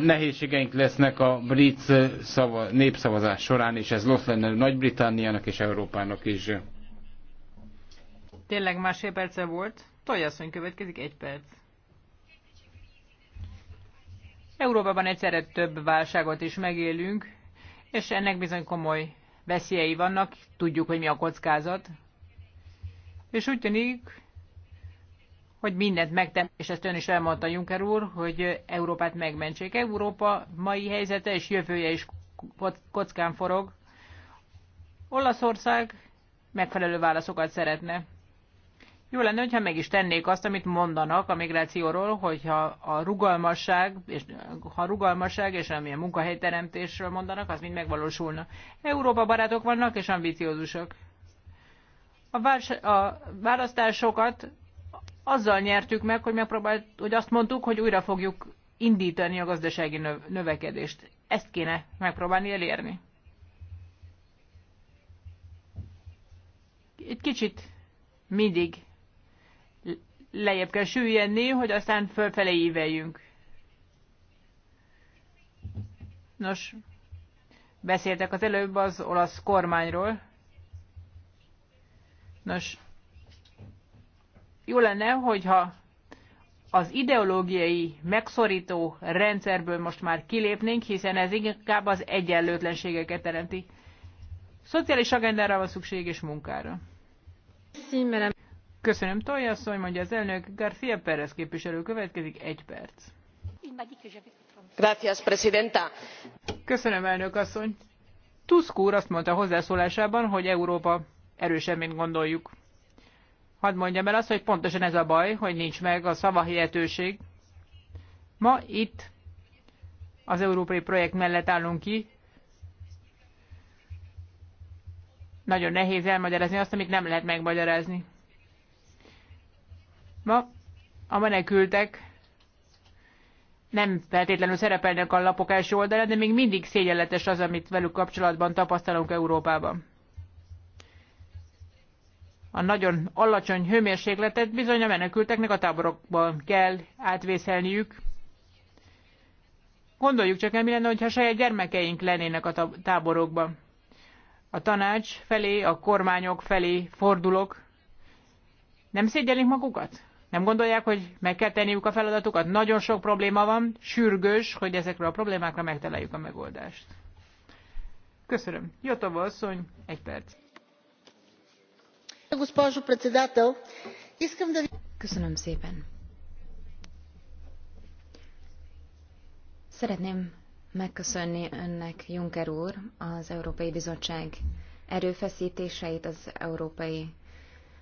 nehézségeink lesznek a brit szava, népszavazás során, és ez rossz lenne Nagy-Britanniának és Európának is. Tényleg másfél perce volt? Tojasszony következik egy perc. Európában egyszerre több válságot is megélünk, és ennek bizony komoly veszélyei vannak, tudjuk, hogy mi a kockázat. És úgy tűnik, hogy mindent megtem, és ezt ön is elmondta Juncker úr, hogy Európát megmentsék. Európa mai helyzete és jövője is kockán forog. Olaszország megfelelő válaszokat szeretne. Jó lenne, hogyha meg is tennék azt, amit mondanak a migrációról, hogyha a rugalmasság, és ha a rugalmasság és amilyen munkahelyteremtésről mondanak, az mind megvalósulna. Európa barátok vannak és ambiciózusok. A, várs- a választásokat azzal nyertük meg, hogy, megpróbált, hogy azt mondtuk, hogy újra fogjuk indítani a gazdasági növekedést. Ezt kéne megpróbálni elérni. Egy kicsit mindig lejjebb kell süllyedni, hogy aztán fölfele íveljünk. Nos, beszéltek az előbb az olasz kormányról. Nos, jó lenne, hogyha az ideológiai megszorító rendszerből most már kilépnénk, hiszen ez inkább az egyenlőtlenségeket teremti. Szociális agendára van szükség és munkára. Köszönöm, Köszönöm, Toljasszony, mondja az elnök. García Pérez képviselő következik, egy perc. presidenta. Köszönöm, elnök asszony. Tusk úr azt mondta hozzászólásában, hogy Európa erősebb, mint gondoljuk hadd mondjam el azt, hogy pontosan ez a baj, hogy nincs meg a szavahihetőség. Ma itt az európai projekt mellett állunk ki. Nagyon nehéz elmagyarázni azt, amit nem lehet megmagyarázni. Ma a menekültek nem feltétlenül szerepelnek a lapok első oldalán, de még mindig szégyenletes az, amit velük kapcsolatban tapasztalunk Európában a nagyon alacsony hőmérsékletet bizony a menekülteknek a táborokban kell átvészelniük. Gondoljuk csak el, mi lenne, hogyha saját gyermekeink lennének a táborokban. A tanács felé, a kormányok felé fordulok. Nem szégyelik magukat? Nem gondolják, hogy meg kell tenniük a feladatukat? Nagyon sok probléma van, sürgős, hogy ezekről a problémákra megtaláljuk a megoldást. Köszönöm. Jotova asszony, egy perc. Köszönöm szépen. Szeretném megköszönni önnek, Juncker úr, az Európai Bizottság erőfeszítéseit az európai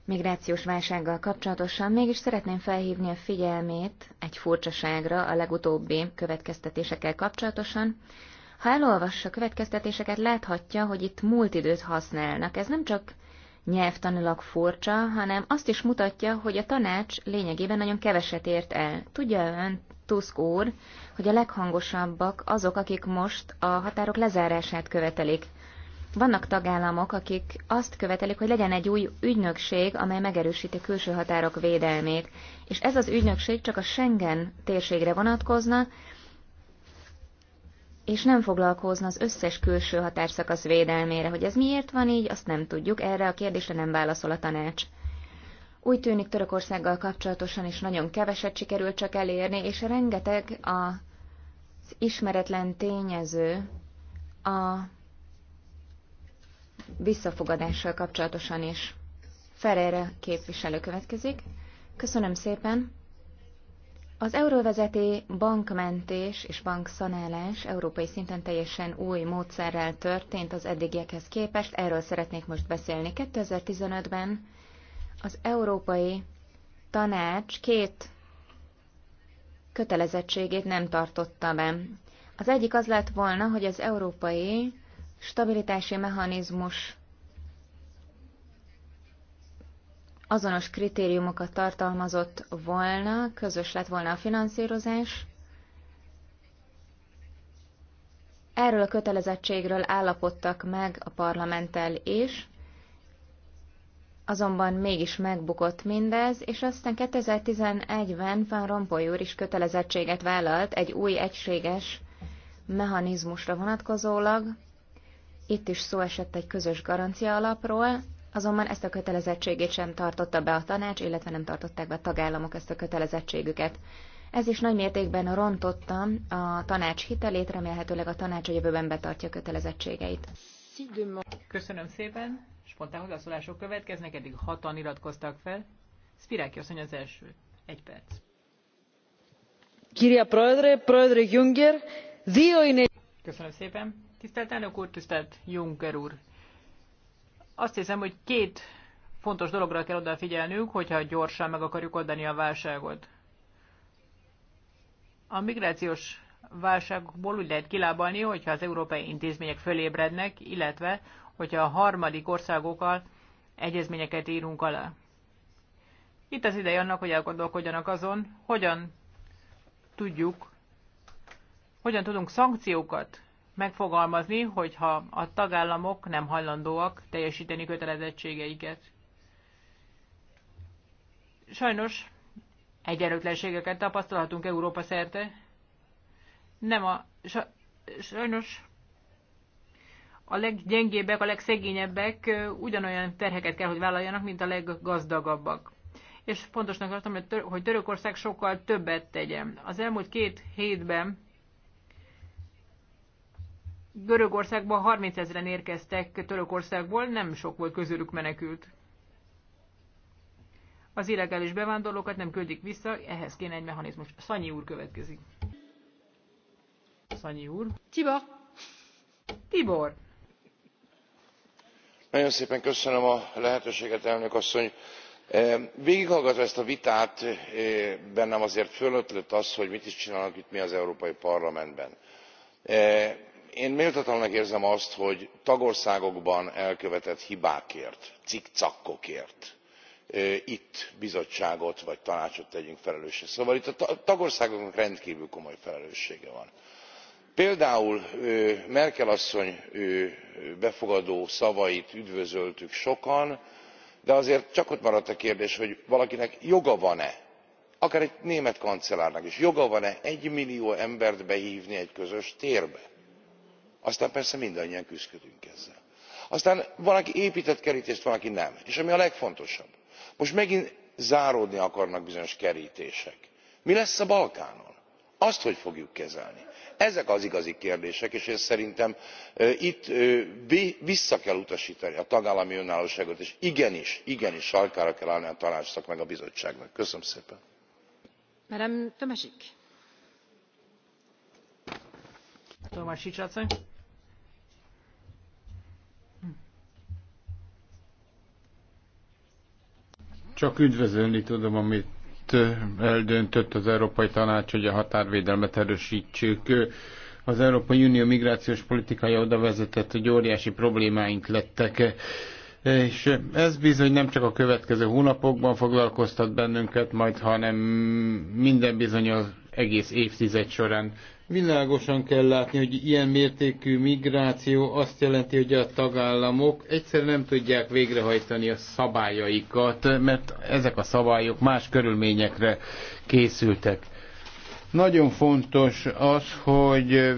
migrációs válsággal kapcsolatosan. Mégis szeretném felhívni a figyelmét egy furcsaságra a legutóbbi következtetésekkel kapcsolatosan. Ha elolvassa a következtetéseket, láthatja, hogy itt múlt időt használnak. Ez nem csak nyelvtanilag furcsa, hanem azt is mutatja, hogy a tanács lényegében nagyon keveset ért el. Tudja ön, Tusk úr, hogy a leghangosabbak azok, akik most a határok lezárását követelik. Vannak tagállamok, akik azt követelik, hogy legyen egy új ügynökség, amely megerősíti külső határok védelmét, és ez az ügynökség csak a Schengen térségre vonatkozna, és nem foglalkozna az összes külső határszakasz védelmére. Hogy ez miért van így, azt nem tudjuk, erre a kérdésre nem válaszol a tanács. Úgy tűnik Törökországgal kapcsolatosan is nagyon keveset sikerült csak elérni, és rengeteg az ismeretlen tényező a visszafogadással kapcsolatosan is. Ferreira képviselő következik. Köszönöm szépen! Az euróvezeté bankmentés és bankszanálás európai szinten teljesen új módszerrel történt az eddigiekhez képest, erről szeretnék most beszélni. 2015-ben az Európai Tanács két kötelezettségét nem tartotta be. Az egyik az lett volna, hogy az európai stabilitási mechanizmus azonos kritériumokat tartalmazott volna, közös lett volna a finanszírozás. Erről a kötelezettségről állapodtak meg a parlamenttel is, azonban mégis megbukott mindez, és aztán 2011-ben Van Rompuy úr is kötelezettséget vállalt egy új egységes mechanizmusra vonatkozólag. Itt is szó esett egy közös garancia alapról, Azonban ezt a kötelezettségét sem tartotta be a tanács, illetve nem tartották be a tagállamok ezt a kötelezettségüket. Ez is nagy mértékben rontotta a tanács hitelét, remélhetőleg a tanács a jövőben betartja kötelezettségeit. Köszönöm szépen. Spontán hozzászólások következnek, eddig hatan iratkoztak fel. Spiráki asszony az első. Egy perc. Kiria Prodre, Prodre Junger, Köszönöm szépen. Tisztelt elnök úr, tisztelt Juncker úr. Azt hiszem, hogy két fontos dologra kell odafigyelnünk, hogyha gyorsan meg akarjuk oldani a válságot. A migrációs válságokból úgy lehet kilábalni, hogyha az európai intézmények fölébrednek, illetve hogyha a harmadik országokkal egyezményeket írunk alá. Itt az ideje annak, hogy elgondolkodjanak azon, hogyan tudjuk, hogyan tudunk szankciókat megfogalmazni, hogyha a tagállamok nem hajlandóak teljesíteni kötelezettségeiket. Sajnos egyenlőtlenségeket tapasztalhatunk Európa szerte. Nem a... Sajnos a leggyengébbek, a legszegényebbek ugyanolyan terheket kell, hogy vállaljanak, mint a leggazdagabbak. És pontosnak tartom, hogy Törökország sokkal többet tegyen. Az elmúlt két hétben Görögországba 30 ezeren érkeztek Törökországból, nem sok volt közülük menekült. Az illegális bevándorlókat nem küldik vissza, ehhez kéne egy mechanizmus. Szanyi úr következik. Szanyi úr. Tibor. Tibor. Nagyon szépen köszönöm a lehetőséget, elnök asszony e, végighallgatva ezt a vitát e, bennem azért fölötlött az hogy mit is csinálnak itt mi az európai parlamentben. E, én méltatlannak érzem azt hogy tagországokban elkövetett hibákért cikcakkokért itt bizottságot vagy tanácsot tegyünk felelőssé. szóval itt a tagországoknak rendkvül komoly felelőssége van. például merkel asszony befogadó szavait üdvözöltük sokan de azért csak ott maradt a kérdés hogy valakinek joga van e akár egy német kancellárnak is joga van e egymillió embert behvni egy közös térbe? aztán persze mindannyian küszködünk ezzel. aztán van aki éptett kertést van aki nem és ami a legfontosabb most megint záródni akarnak bizonyos kertések. mi lesz a balkánon? azt hogy fogjuk kezelni? ezek az igazi kérdések és én szerintem itt vissza kell utastani a tagállami önállóságot és igenis igenis sarkára kell állni a tanácsnak meg a bizottságnak. köszönöm szépen! Csak üdvözölni tudom, amit eldöntött az Európai Tanács, hogy a határvédelmet erősítsük. Az Európai Unió migrációs politikája oda vezetett, hogy óriási problémáink lettek. És ez bizony nem csak a következő hónapokban foglalkoztat bennünket, majd hanem minden bizony az egész évtized során. Világosan kell látni, hogy ilyen mértékű migráció azt jelenti, hogy a tagállamok egyszerűen nem tudják végrehajtani a szabályaikat, mert ezek a szabályok más körülményekre készültek. Nagyon fontos az, hogy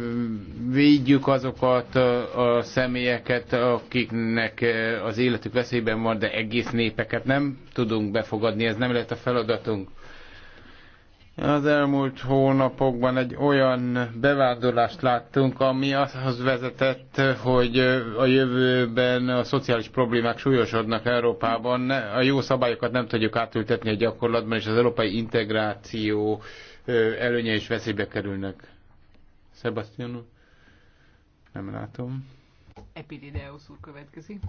védjük azokat a személyeket, akiknek az életük veszélyben van, de egész népeket nem tudunk befogadni, ez nem lehet a feladatunk. Az elmúlt hónapokban egy olyan bevándorlást láttunk, ami ahhoz vezetett, hogy a jövőben a szociális problémák súlyosodnak Európában, a jó szabályokat nem tudjuk átültetni a gyakorlatban, és az európai integráció előnye és veszélybe kerülnek. Sebastian Nem látom. Epidideus úr következik.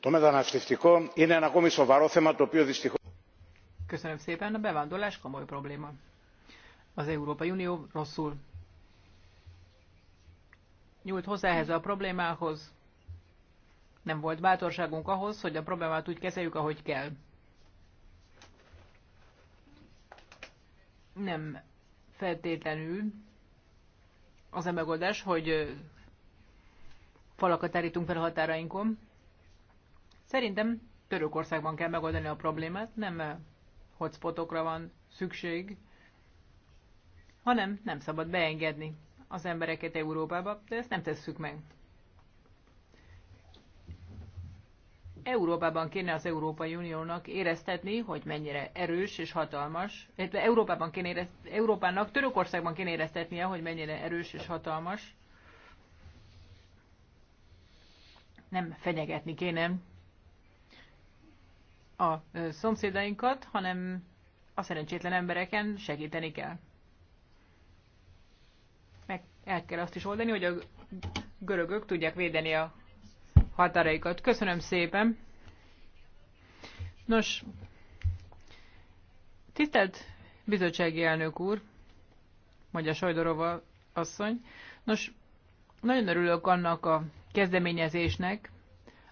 Το μεταναστευτικό είναι ένα ακόμη σοβαρό θέμα το οποίο δυστυχώ. Köszönöm szépen, a bevándorlás komoly probléma. Az Európai Unió rosszul nyúlt hozzá ehhez a problémához. Nem volt bátorságunk ahhoz, hogy a problémát úgy kezeljük, ahogy kell. Nem feltétlenül az a megoldás, hogy falakat állítunk fel a határainkon. Szerintem Törökországban kell megoldani a problémát, nem hotspotokra van szükség, hanem nem szabad beengedni az embereket Európába, de ezt nem tesszük meg. Európában kéne az Európai Uniónak éreztetni, hogy mennyire erős és hatalmas, illetve Európában kéne érezt, Európának, Törökországban kéne éreztetnie, hogy mennyire erős és hatalmas. Nem fenyegetni kéne a szomszédainkat, hanem a szerencsétlen embereken segíteni kell. Meg el kell azt is oldani, hogy a görögök tudják védeni a határaikat. Köszönöm szépen! Nos, tisztelt bizottsági elnök úr, mondja Sajdorova asszony, nos, nagyon örülök annak a kezdeményezésnek,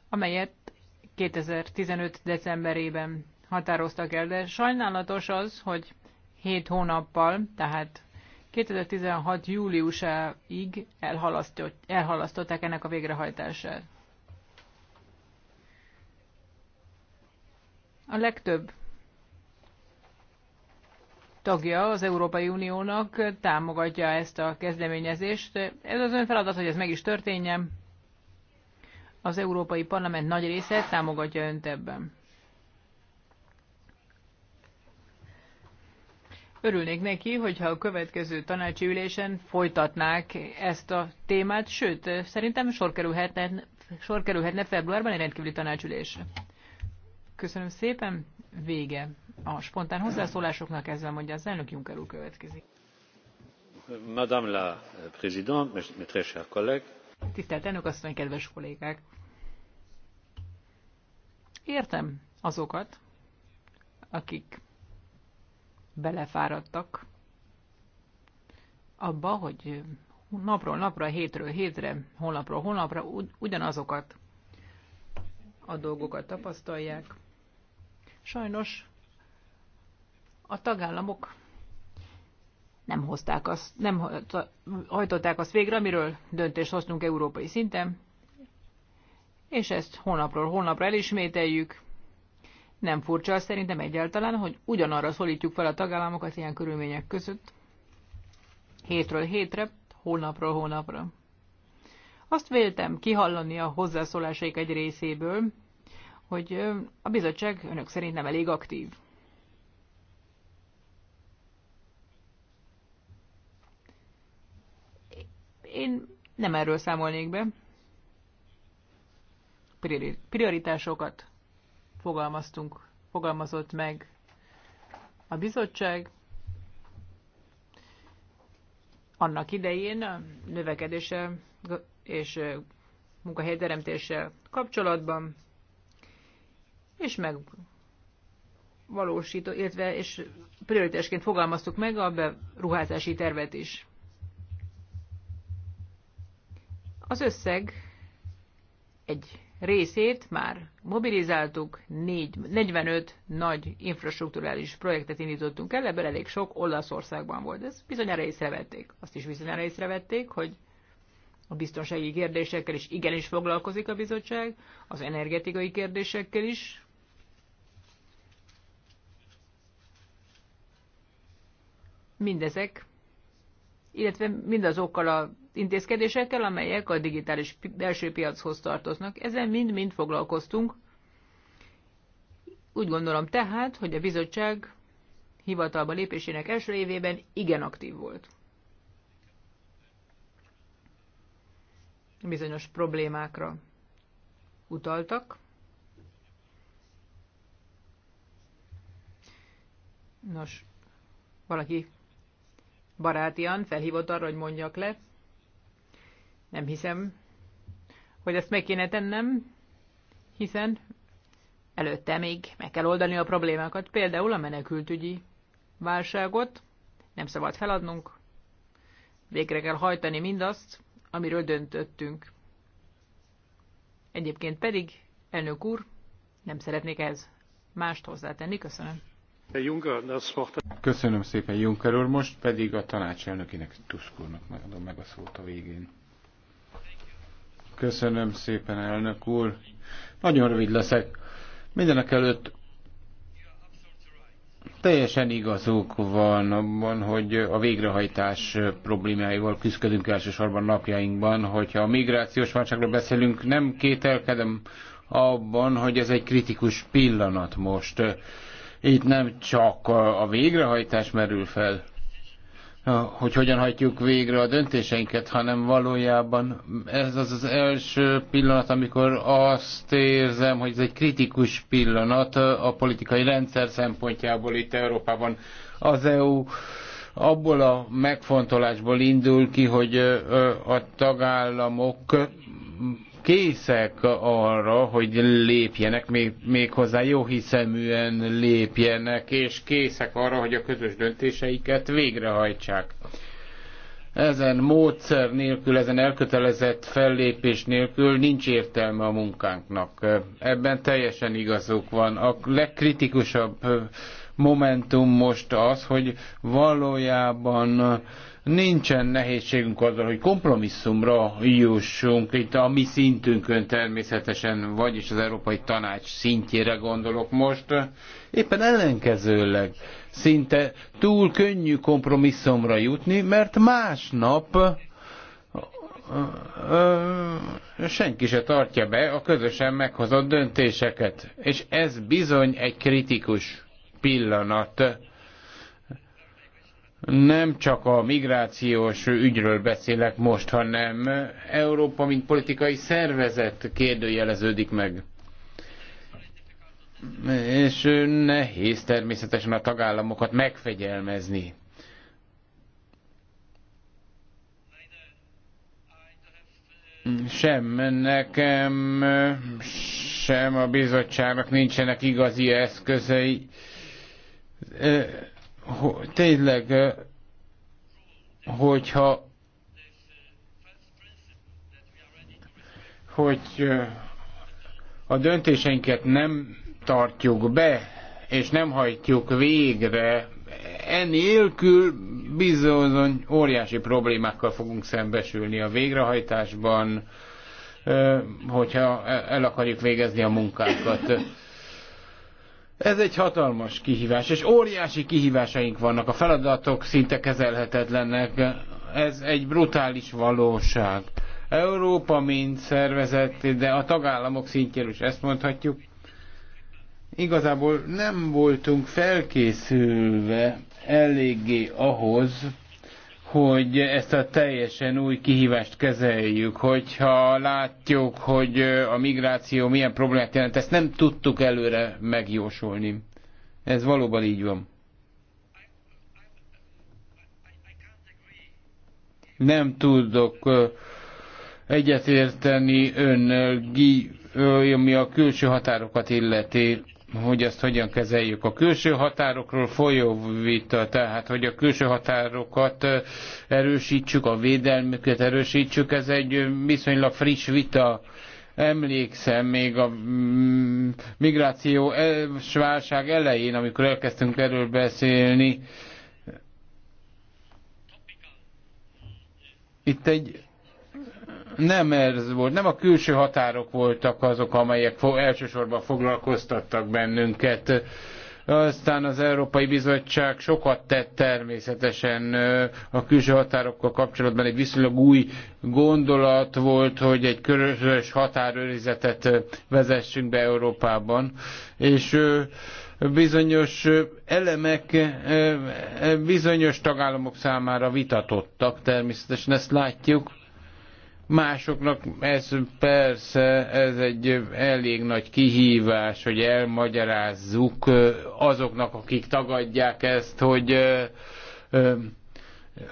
amelyet 2015. decemberében határoztak el, de sajnálatos az, hogy 7 hónappal, tehát 2016. júliusáig elhalasztották ennek a végrehajtását. A legtöbb tagja az Európai Uniónak támogatja ezt a kezdeményezést. Ez az ön feladat, hogy ez meg is történjen. Az Európai Parlament nagy része támogatja önt ebben. Örülnék neki, hogyha a következő tanácsi ülésen folytatnák ezt a témát, sőt, szerintem sor kerülhetne, sor kerülhetne februárban egy rendkívüli tanácsülésre. Köszönöm szépen, vége. A spontán hozzászólásoknak ezzel mondja az elnök Juncker úr következik. Madame la Présidente, mes très chers collègues. Tisztelt elnök asszony, kedves kollégák! Értem azokat, akik belefáradtak abba, hogy napról napra, hétről hétre, holnapról holnapra ugyanazokat a dolgokat tapasztalják. Sajnos a tagállamok nem hozták azt, nem hajtották azt végre, amiről döntést hoztunk európai szinten, és ezt holnapról holnapra elismételjük. Nem furcsa szerintem egyáltalán, hogy ugyanarra szólítjuk fel a tagállamokat ilyen körülmények között. Hétről hétre, holnapról holnapra. Azt véltem kihallani a hozzászólásaik egy részéből, hogy a bizottság önök szerint nem elég aktív. Én nem erről számolnék be prioritásokat fogalmaztunk, fogalmazott meg a bizottság. Annak idején a növekedése és munkahelyteremtése kapcsolatban, és meg valósító, illetve és prioritásként fogalmaztuk meg a beruházási tervet is. Az összeg egy részét már mobilizáltuk, 4, 45 nagy infrastruktúrális projektet indítottunk el, ebből elég sok Olaszországban volt. Ez bizonyára észrevették. Azt is bizonyára észrevették, hogy a biztonsági kérdésekkel is igenis foglalkozik a bizottság, az energetikai kérdésekkel is. Mindezek illetve mindazokkal az intézkedésekkel, amelyek a digitális belső piachoz tartoznak. Ezen mind-mind foglalkoztunk. Úgy gondolom tehát, hogy a bizottság hivatalba lépésének első évében igen aktív volt. Bizonyos problémákra utaltak. Nos, valaki barátian felhívott arra, hogy mondjak le. Nem hiszem, hogy ezt meg kéne tennem, hiszen előtte még meg kell oldani a problémákat, például a menekültügyi válságot, nem szabad feladnunk, végre kell hajtani mindazt, amiről döntöttünk. Egyébként pedig, elnök úr, nem szeretnék ez mást hozzátenni. Köszönöm. Köszönöm szépen, Juncker úr. Most pedig a tanácselnökének, Tusk úrnak megadom meg a szót a végén. Köszönöm szépen, elnök úr. Nagyon rövid leszek. Mindenek előtt teljesen igazuk van abban, hogy a végrehajtás problémáival küzdködünk elsősorban napjainkban. Hogyha a migrációs válságról beszélünk, nem kételkedem abban, hogy ez egy kritikus pillanat most itt nem csak a végrehajtás merül fel, hogy hogyan hajtjuk végre a döntéseinket, hanem valójában ez az az első pillanat, amikor azt érzem, hogy ez egy kritikus pillanat a politikai rendszer szempontjából itt Európában. Az EU abból a megfontolásból indul ki, hogy a tagállamok készek arra, hogy lépjenek, még, még hozzá jó hiszeműen lépjenek, és készek arra, hogy a közös döntéseiket végrehajtsák. Ezen módszer nélkül, ezen elkötelezett fellépés nélkül nincs értelme a munkánknak. Ebben teljesen igazuk van. A legkritikusabb momentum most az, hogy valójában nincsen nehézségünk azzal, hogy kompromisszumra jussunk, itt a mi szintünkön természetesen, vagyis az Európai Tanács szintjére gondolok most, éppen ellenkezőleg szinte túl könnyű kompromisszumra jutni, mert másnap senki se tartja be a közösen meghozott döntéseket. És ez bizony egy kritikus pillanat nem csak a migrációs ügyről beszélek most, hanem Európa, mint politikai szervezet kérdőjeleződik meg. És nehéz természetesen a tagállamokat megfegyelmezni. Sem nekem, sem a bizottságnak nincsenek igazi eszközei hogy tényleg, hogyha hogy a döntéseinket nem tartjuk be, és nem hajtjuk végre, enélkül bizony óriási problémákkal fogunk szembesülni a végrehajtásban, hogyha el akarjuk végezni a munkákat. Ez egy hatalmas kihívás, és óriási kihívásaink vannak. A feladatok szinte kezelhetetlenek. Ez egy brutális valóság. Európa mind szervezett de a tagállamok szintjéről is ezt mondhatjuk. Igazából nem voltunk felkészülve eléggé ahhoz, hogy ezt a teljesen új kihívást kezeljük, hogyha látjuk, hogy a migráció milyen problémát jelent, ezt nem tudtuk előre megjósolni. Ez valóban így van. Nem tudok egyetérteni önnel, ami a külső határokat illeti hogy ezt hogyan kezeljük. A külső határokról folyó vita, tehát hogy a külső határokat erősítsük, a védelmüket erősítsük, ez egy viszonylag friss vita. Emlékszem még a mm, migráció e, válság elején, amikor elkezdtünk erről beszélni, itt egy nem ez volt, nem a külső határok voltak azok, amelyek elsősorban foglalkoztattak bennünket. Aztán az Európai Bizottság sokat tett természetesen a külső határokkal kapcsolatban. Egy viszonylag új gondolat volt, hogy egy körös határőrizetet vezessünk be Európában. És bizonyos elemek bizonyos tagállamok számára vitatottak, természetesen ezt látjuk Másoknak ez persze, ez egy elég nagy kihívás, hogy elmagyarázzuk azoknak, akik tagadják ezt, hogy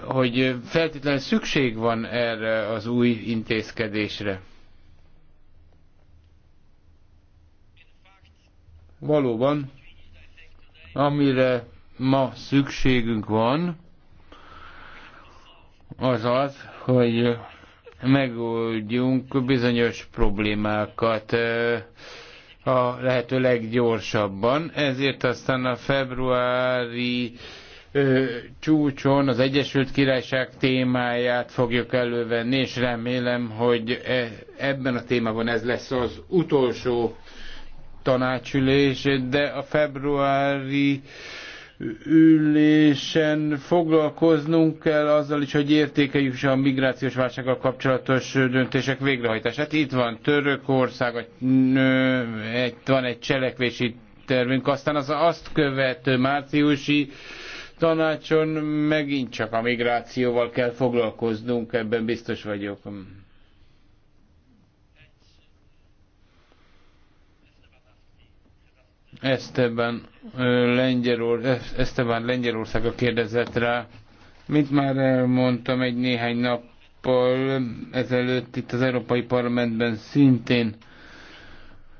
hogy feltétlenül szükség van erre az új intézkedésre. Valóban, amire ma szükségünk van, az az, hogy megoldjunk bizonyos problémákat a lehető leggyorsabban. Ezért aztán a februári ö, csúcson az Egyesült Királyság témáját fogjuk elővenni, és remélem, hogy e, ebben a témában ez lesz az utolsó tanácsülés, de a februári ülésen foglalkoznunk kell azzal is, hogy értékeljük is a migrációs válsággal kapcsolatos döntések végrehajtását. Itt van Törökország, van egy cselekvési tervünk, aztán az azt követő márciusi tanácson megint csak a migrációval kell foglalkoznunk, ebben biztos vagyok. Esteban Lengyelország, Esteban Lengyelországa kérdezett rá. Mint már elmondtam egy néhány nappal ezelőtt itt az Európai Parlamentben szintén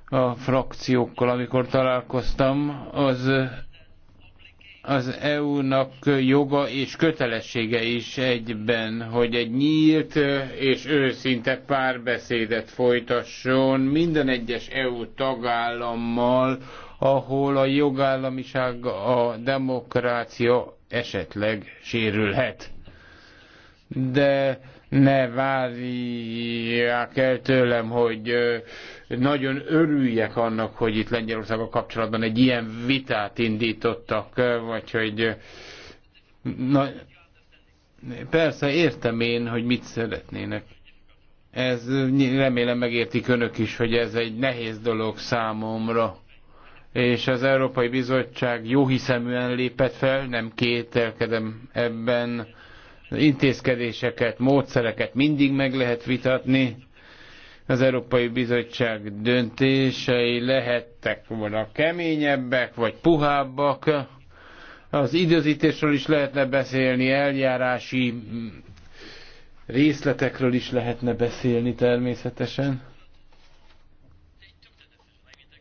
a frakciókkal, amikor találkoztam, az az EU-nak joga és kötelessége is egyben, hogy egy nyílt és őszinte párbeszédet folytasson minden egyes EU tagállammal ahol a jogállamiság, a demokrácia esetleg sérülhet. De ne várják el tőlem, hogy nagyon örüljek annak, hogy itt Lengyelországgal kapcsolatban egy ilyen vitát indítottak, vagy hogy na, persze értem én, hogy mit szeretnének. Ez remélem megértik önök is, hogy ez egy nehéz dolog számomra és az Európai Bizottság jóhiszeműen lépett fel, nem kételkedem ebben. Intézkedéseket, módszereket mindig meg lehet vitatni. Az Európai Bizottság döntései lehettek volna keményebbek, vagy puhábbak. Az időzítésről is lehetne beszélni, eljárási részletekről is lehetne beszélni természetesen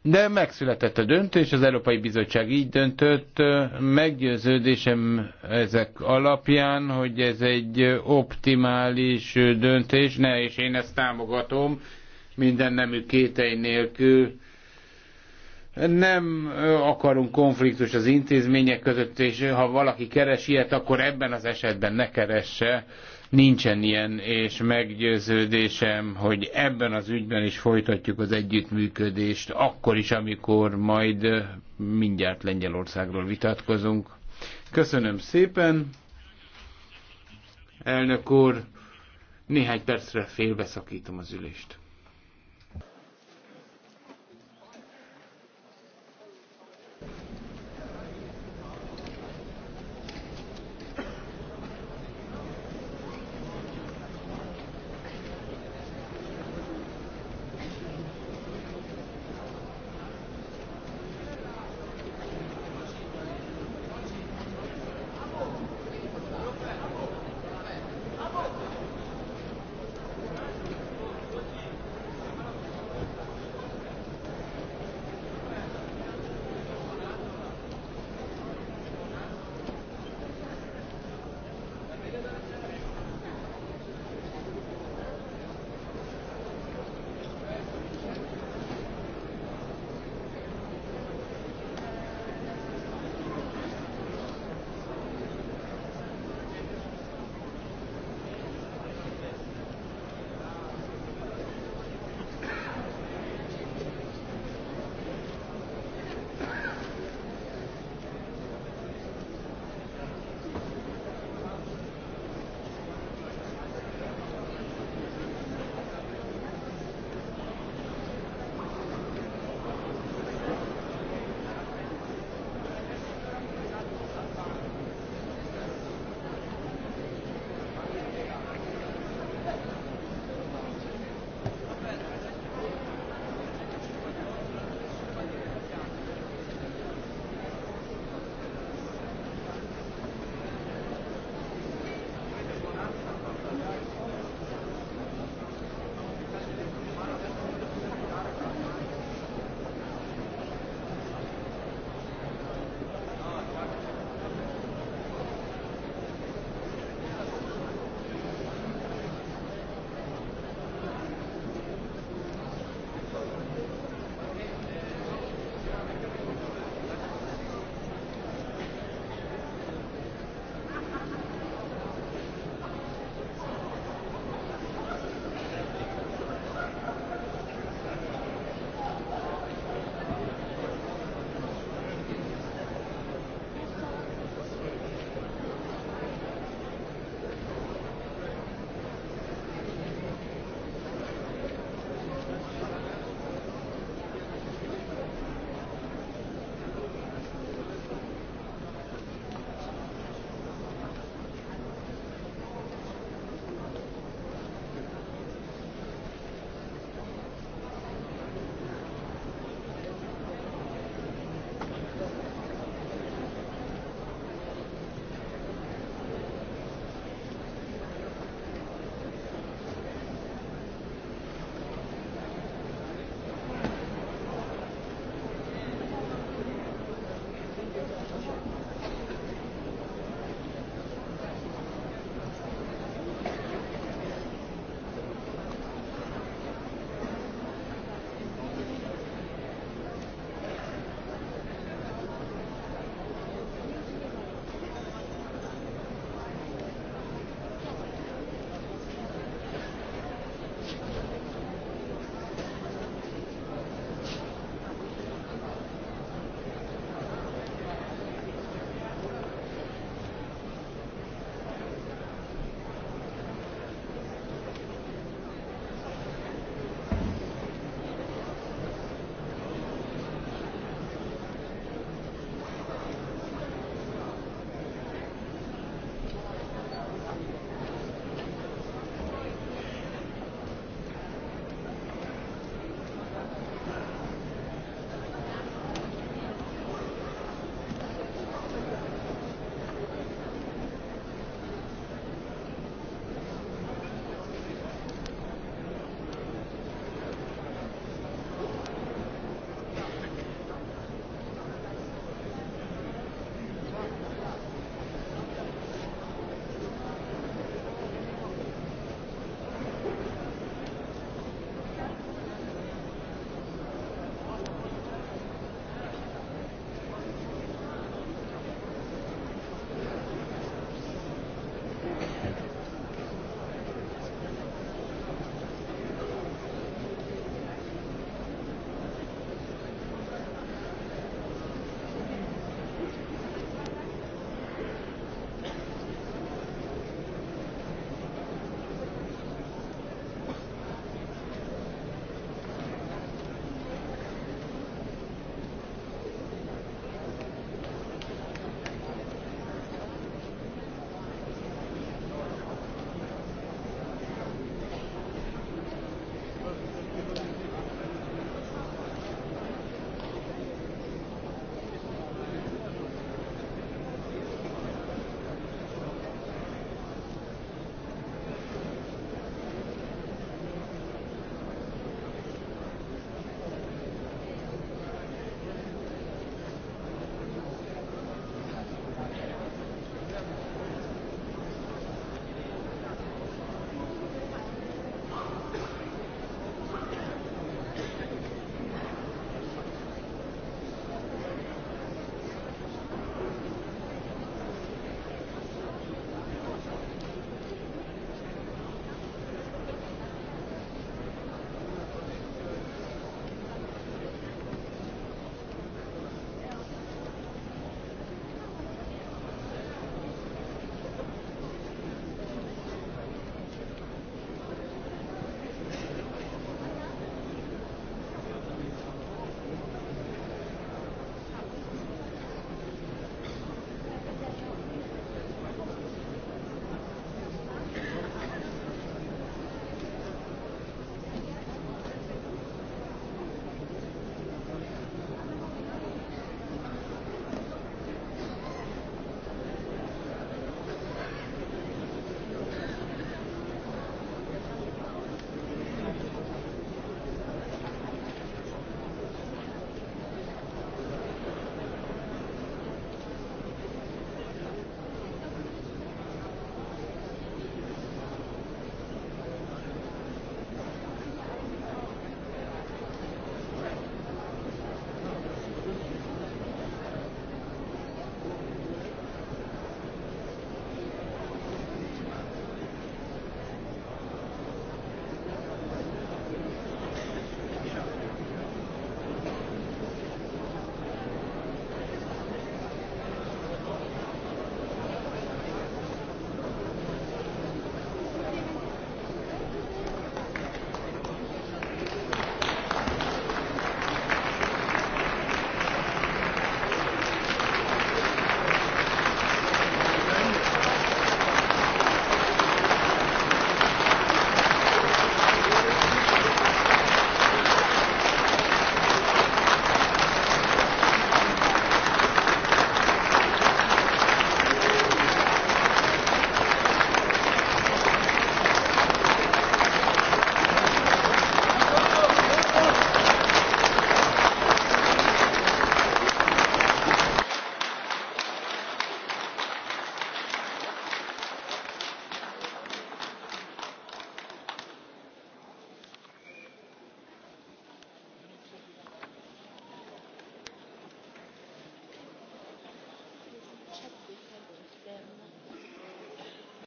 de megszületett a döntés, az Európai Bizottság így döntött. Meggyőződésem ezek alapján, hogy ez egy optimális döntés, ne, és én ezt támogatom minden nemű kétei nélkül. Nem akarunk konfliktus az intézmények között, és ha valaki keres ilyet, akkor ebben az esetben ne keresse nincsen ilyen, és meggyőződésem, hogy ebben az ügyben is folytatjuk az együttműködést, akkor is, amikor majd mindjárt Lengyelországról vitatkozunk. Köszönöm szépen, elnök úr, néhány percre félbeszakítom az ülést.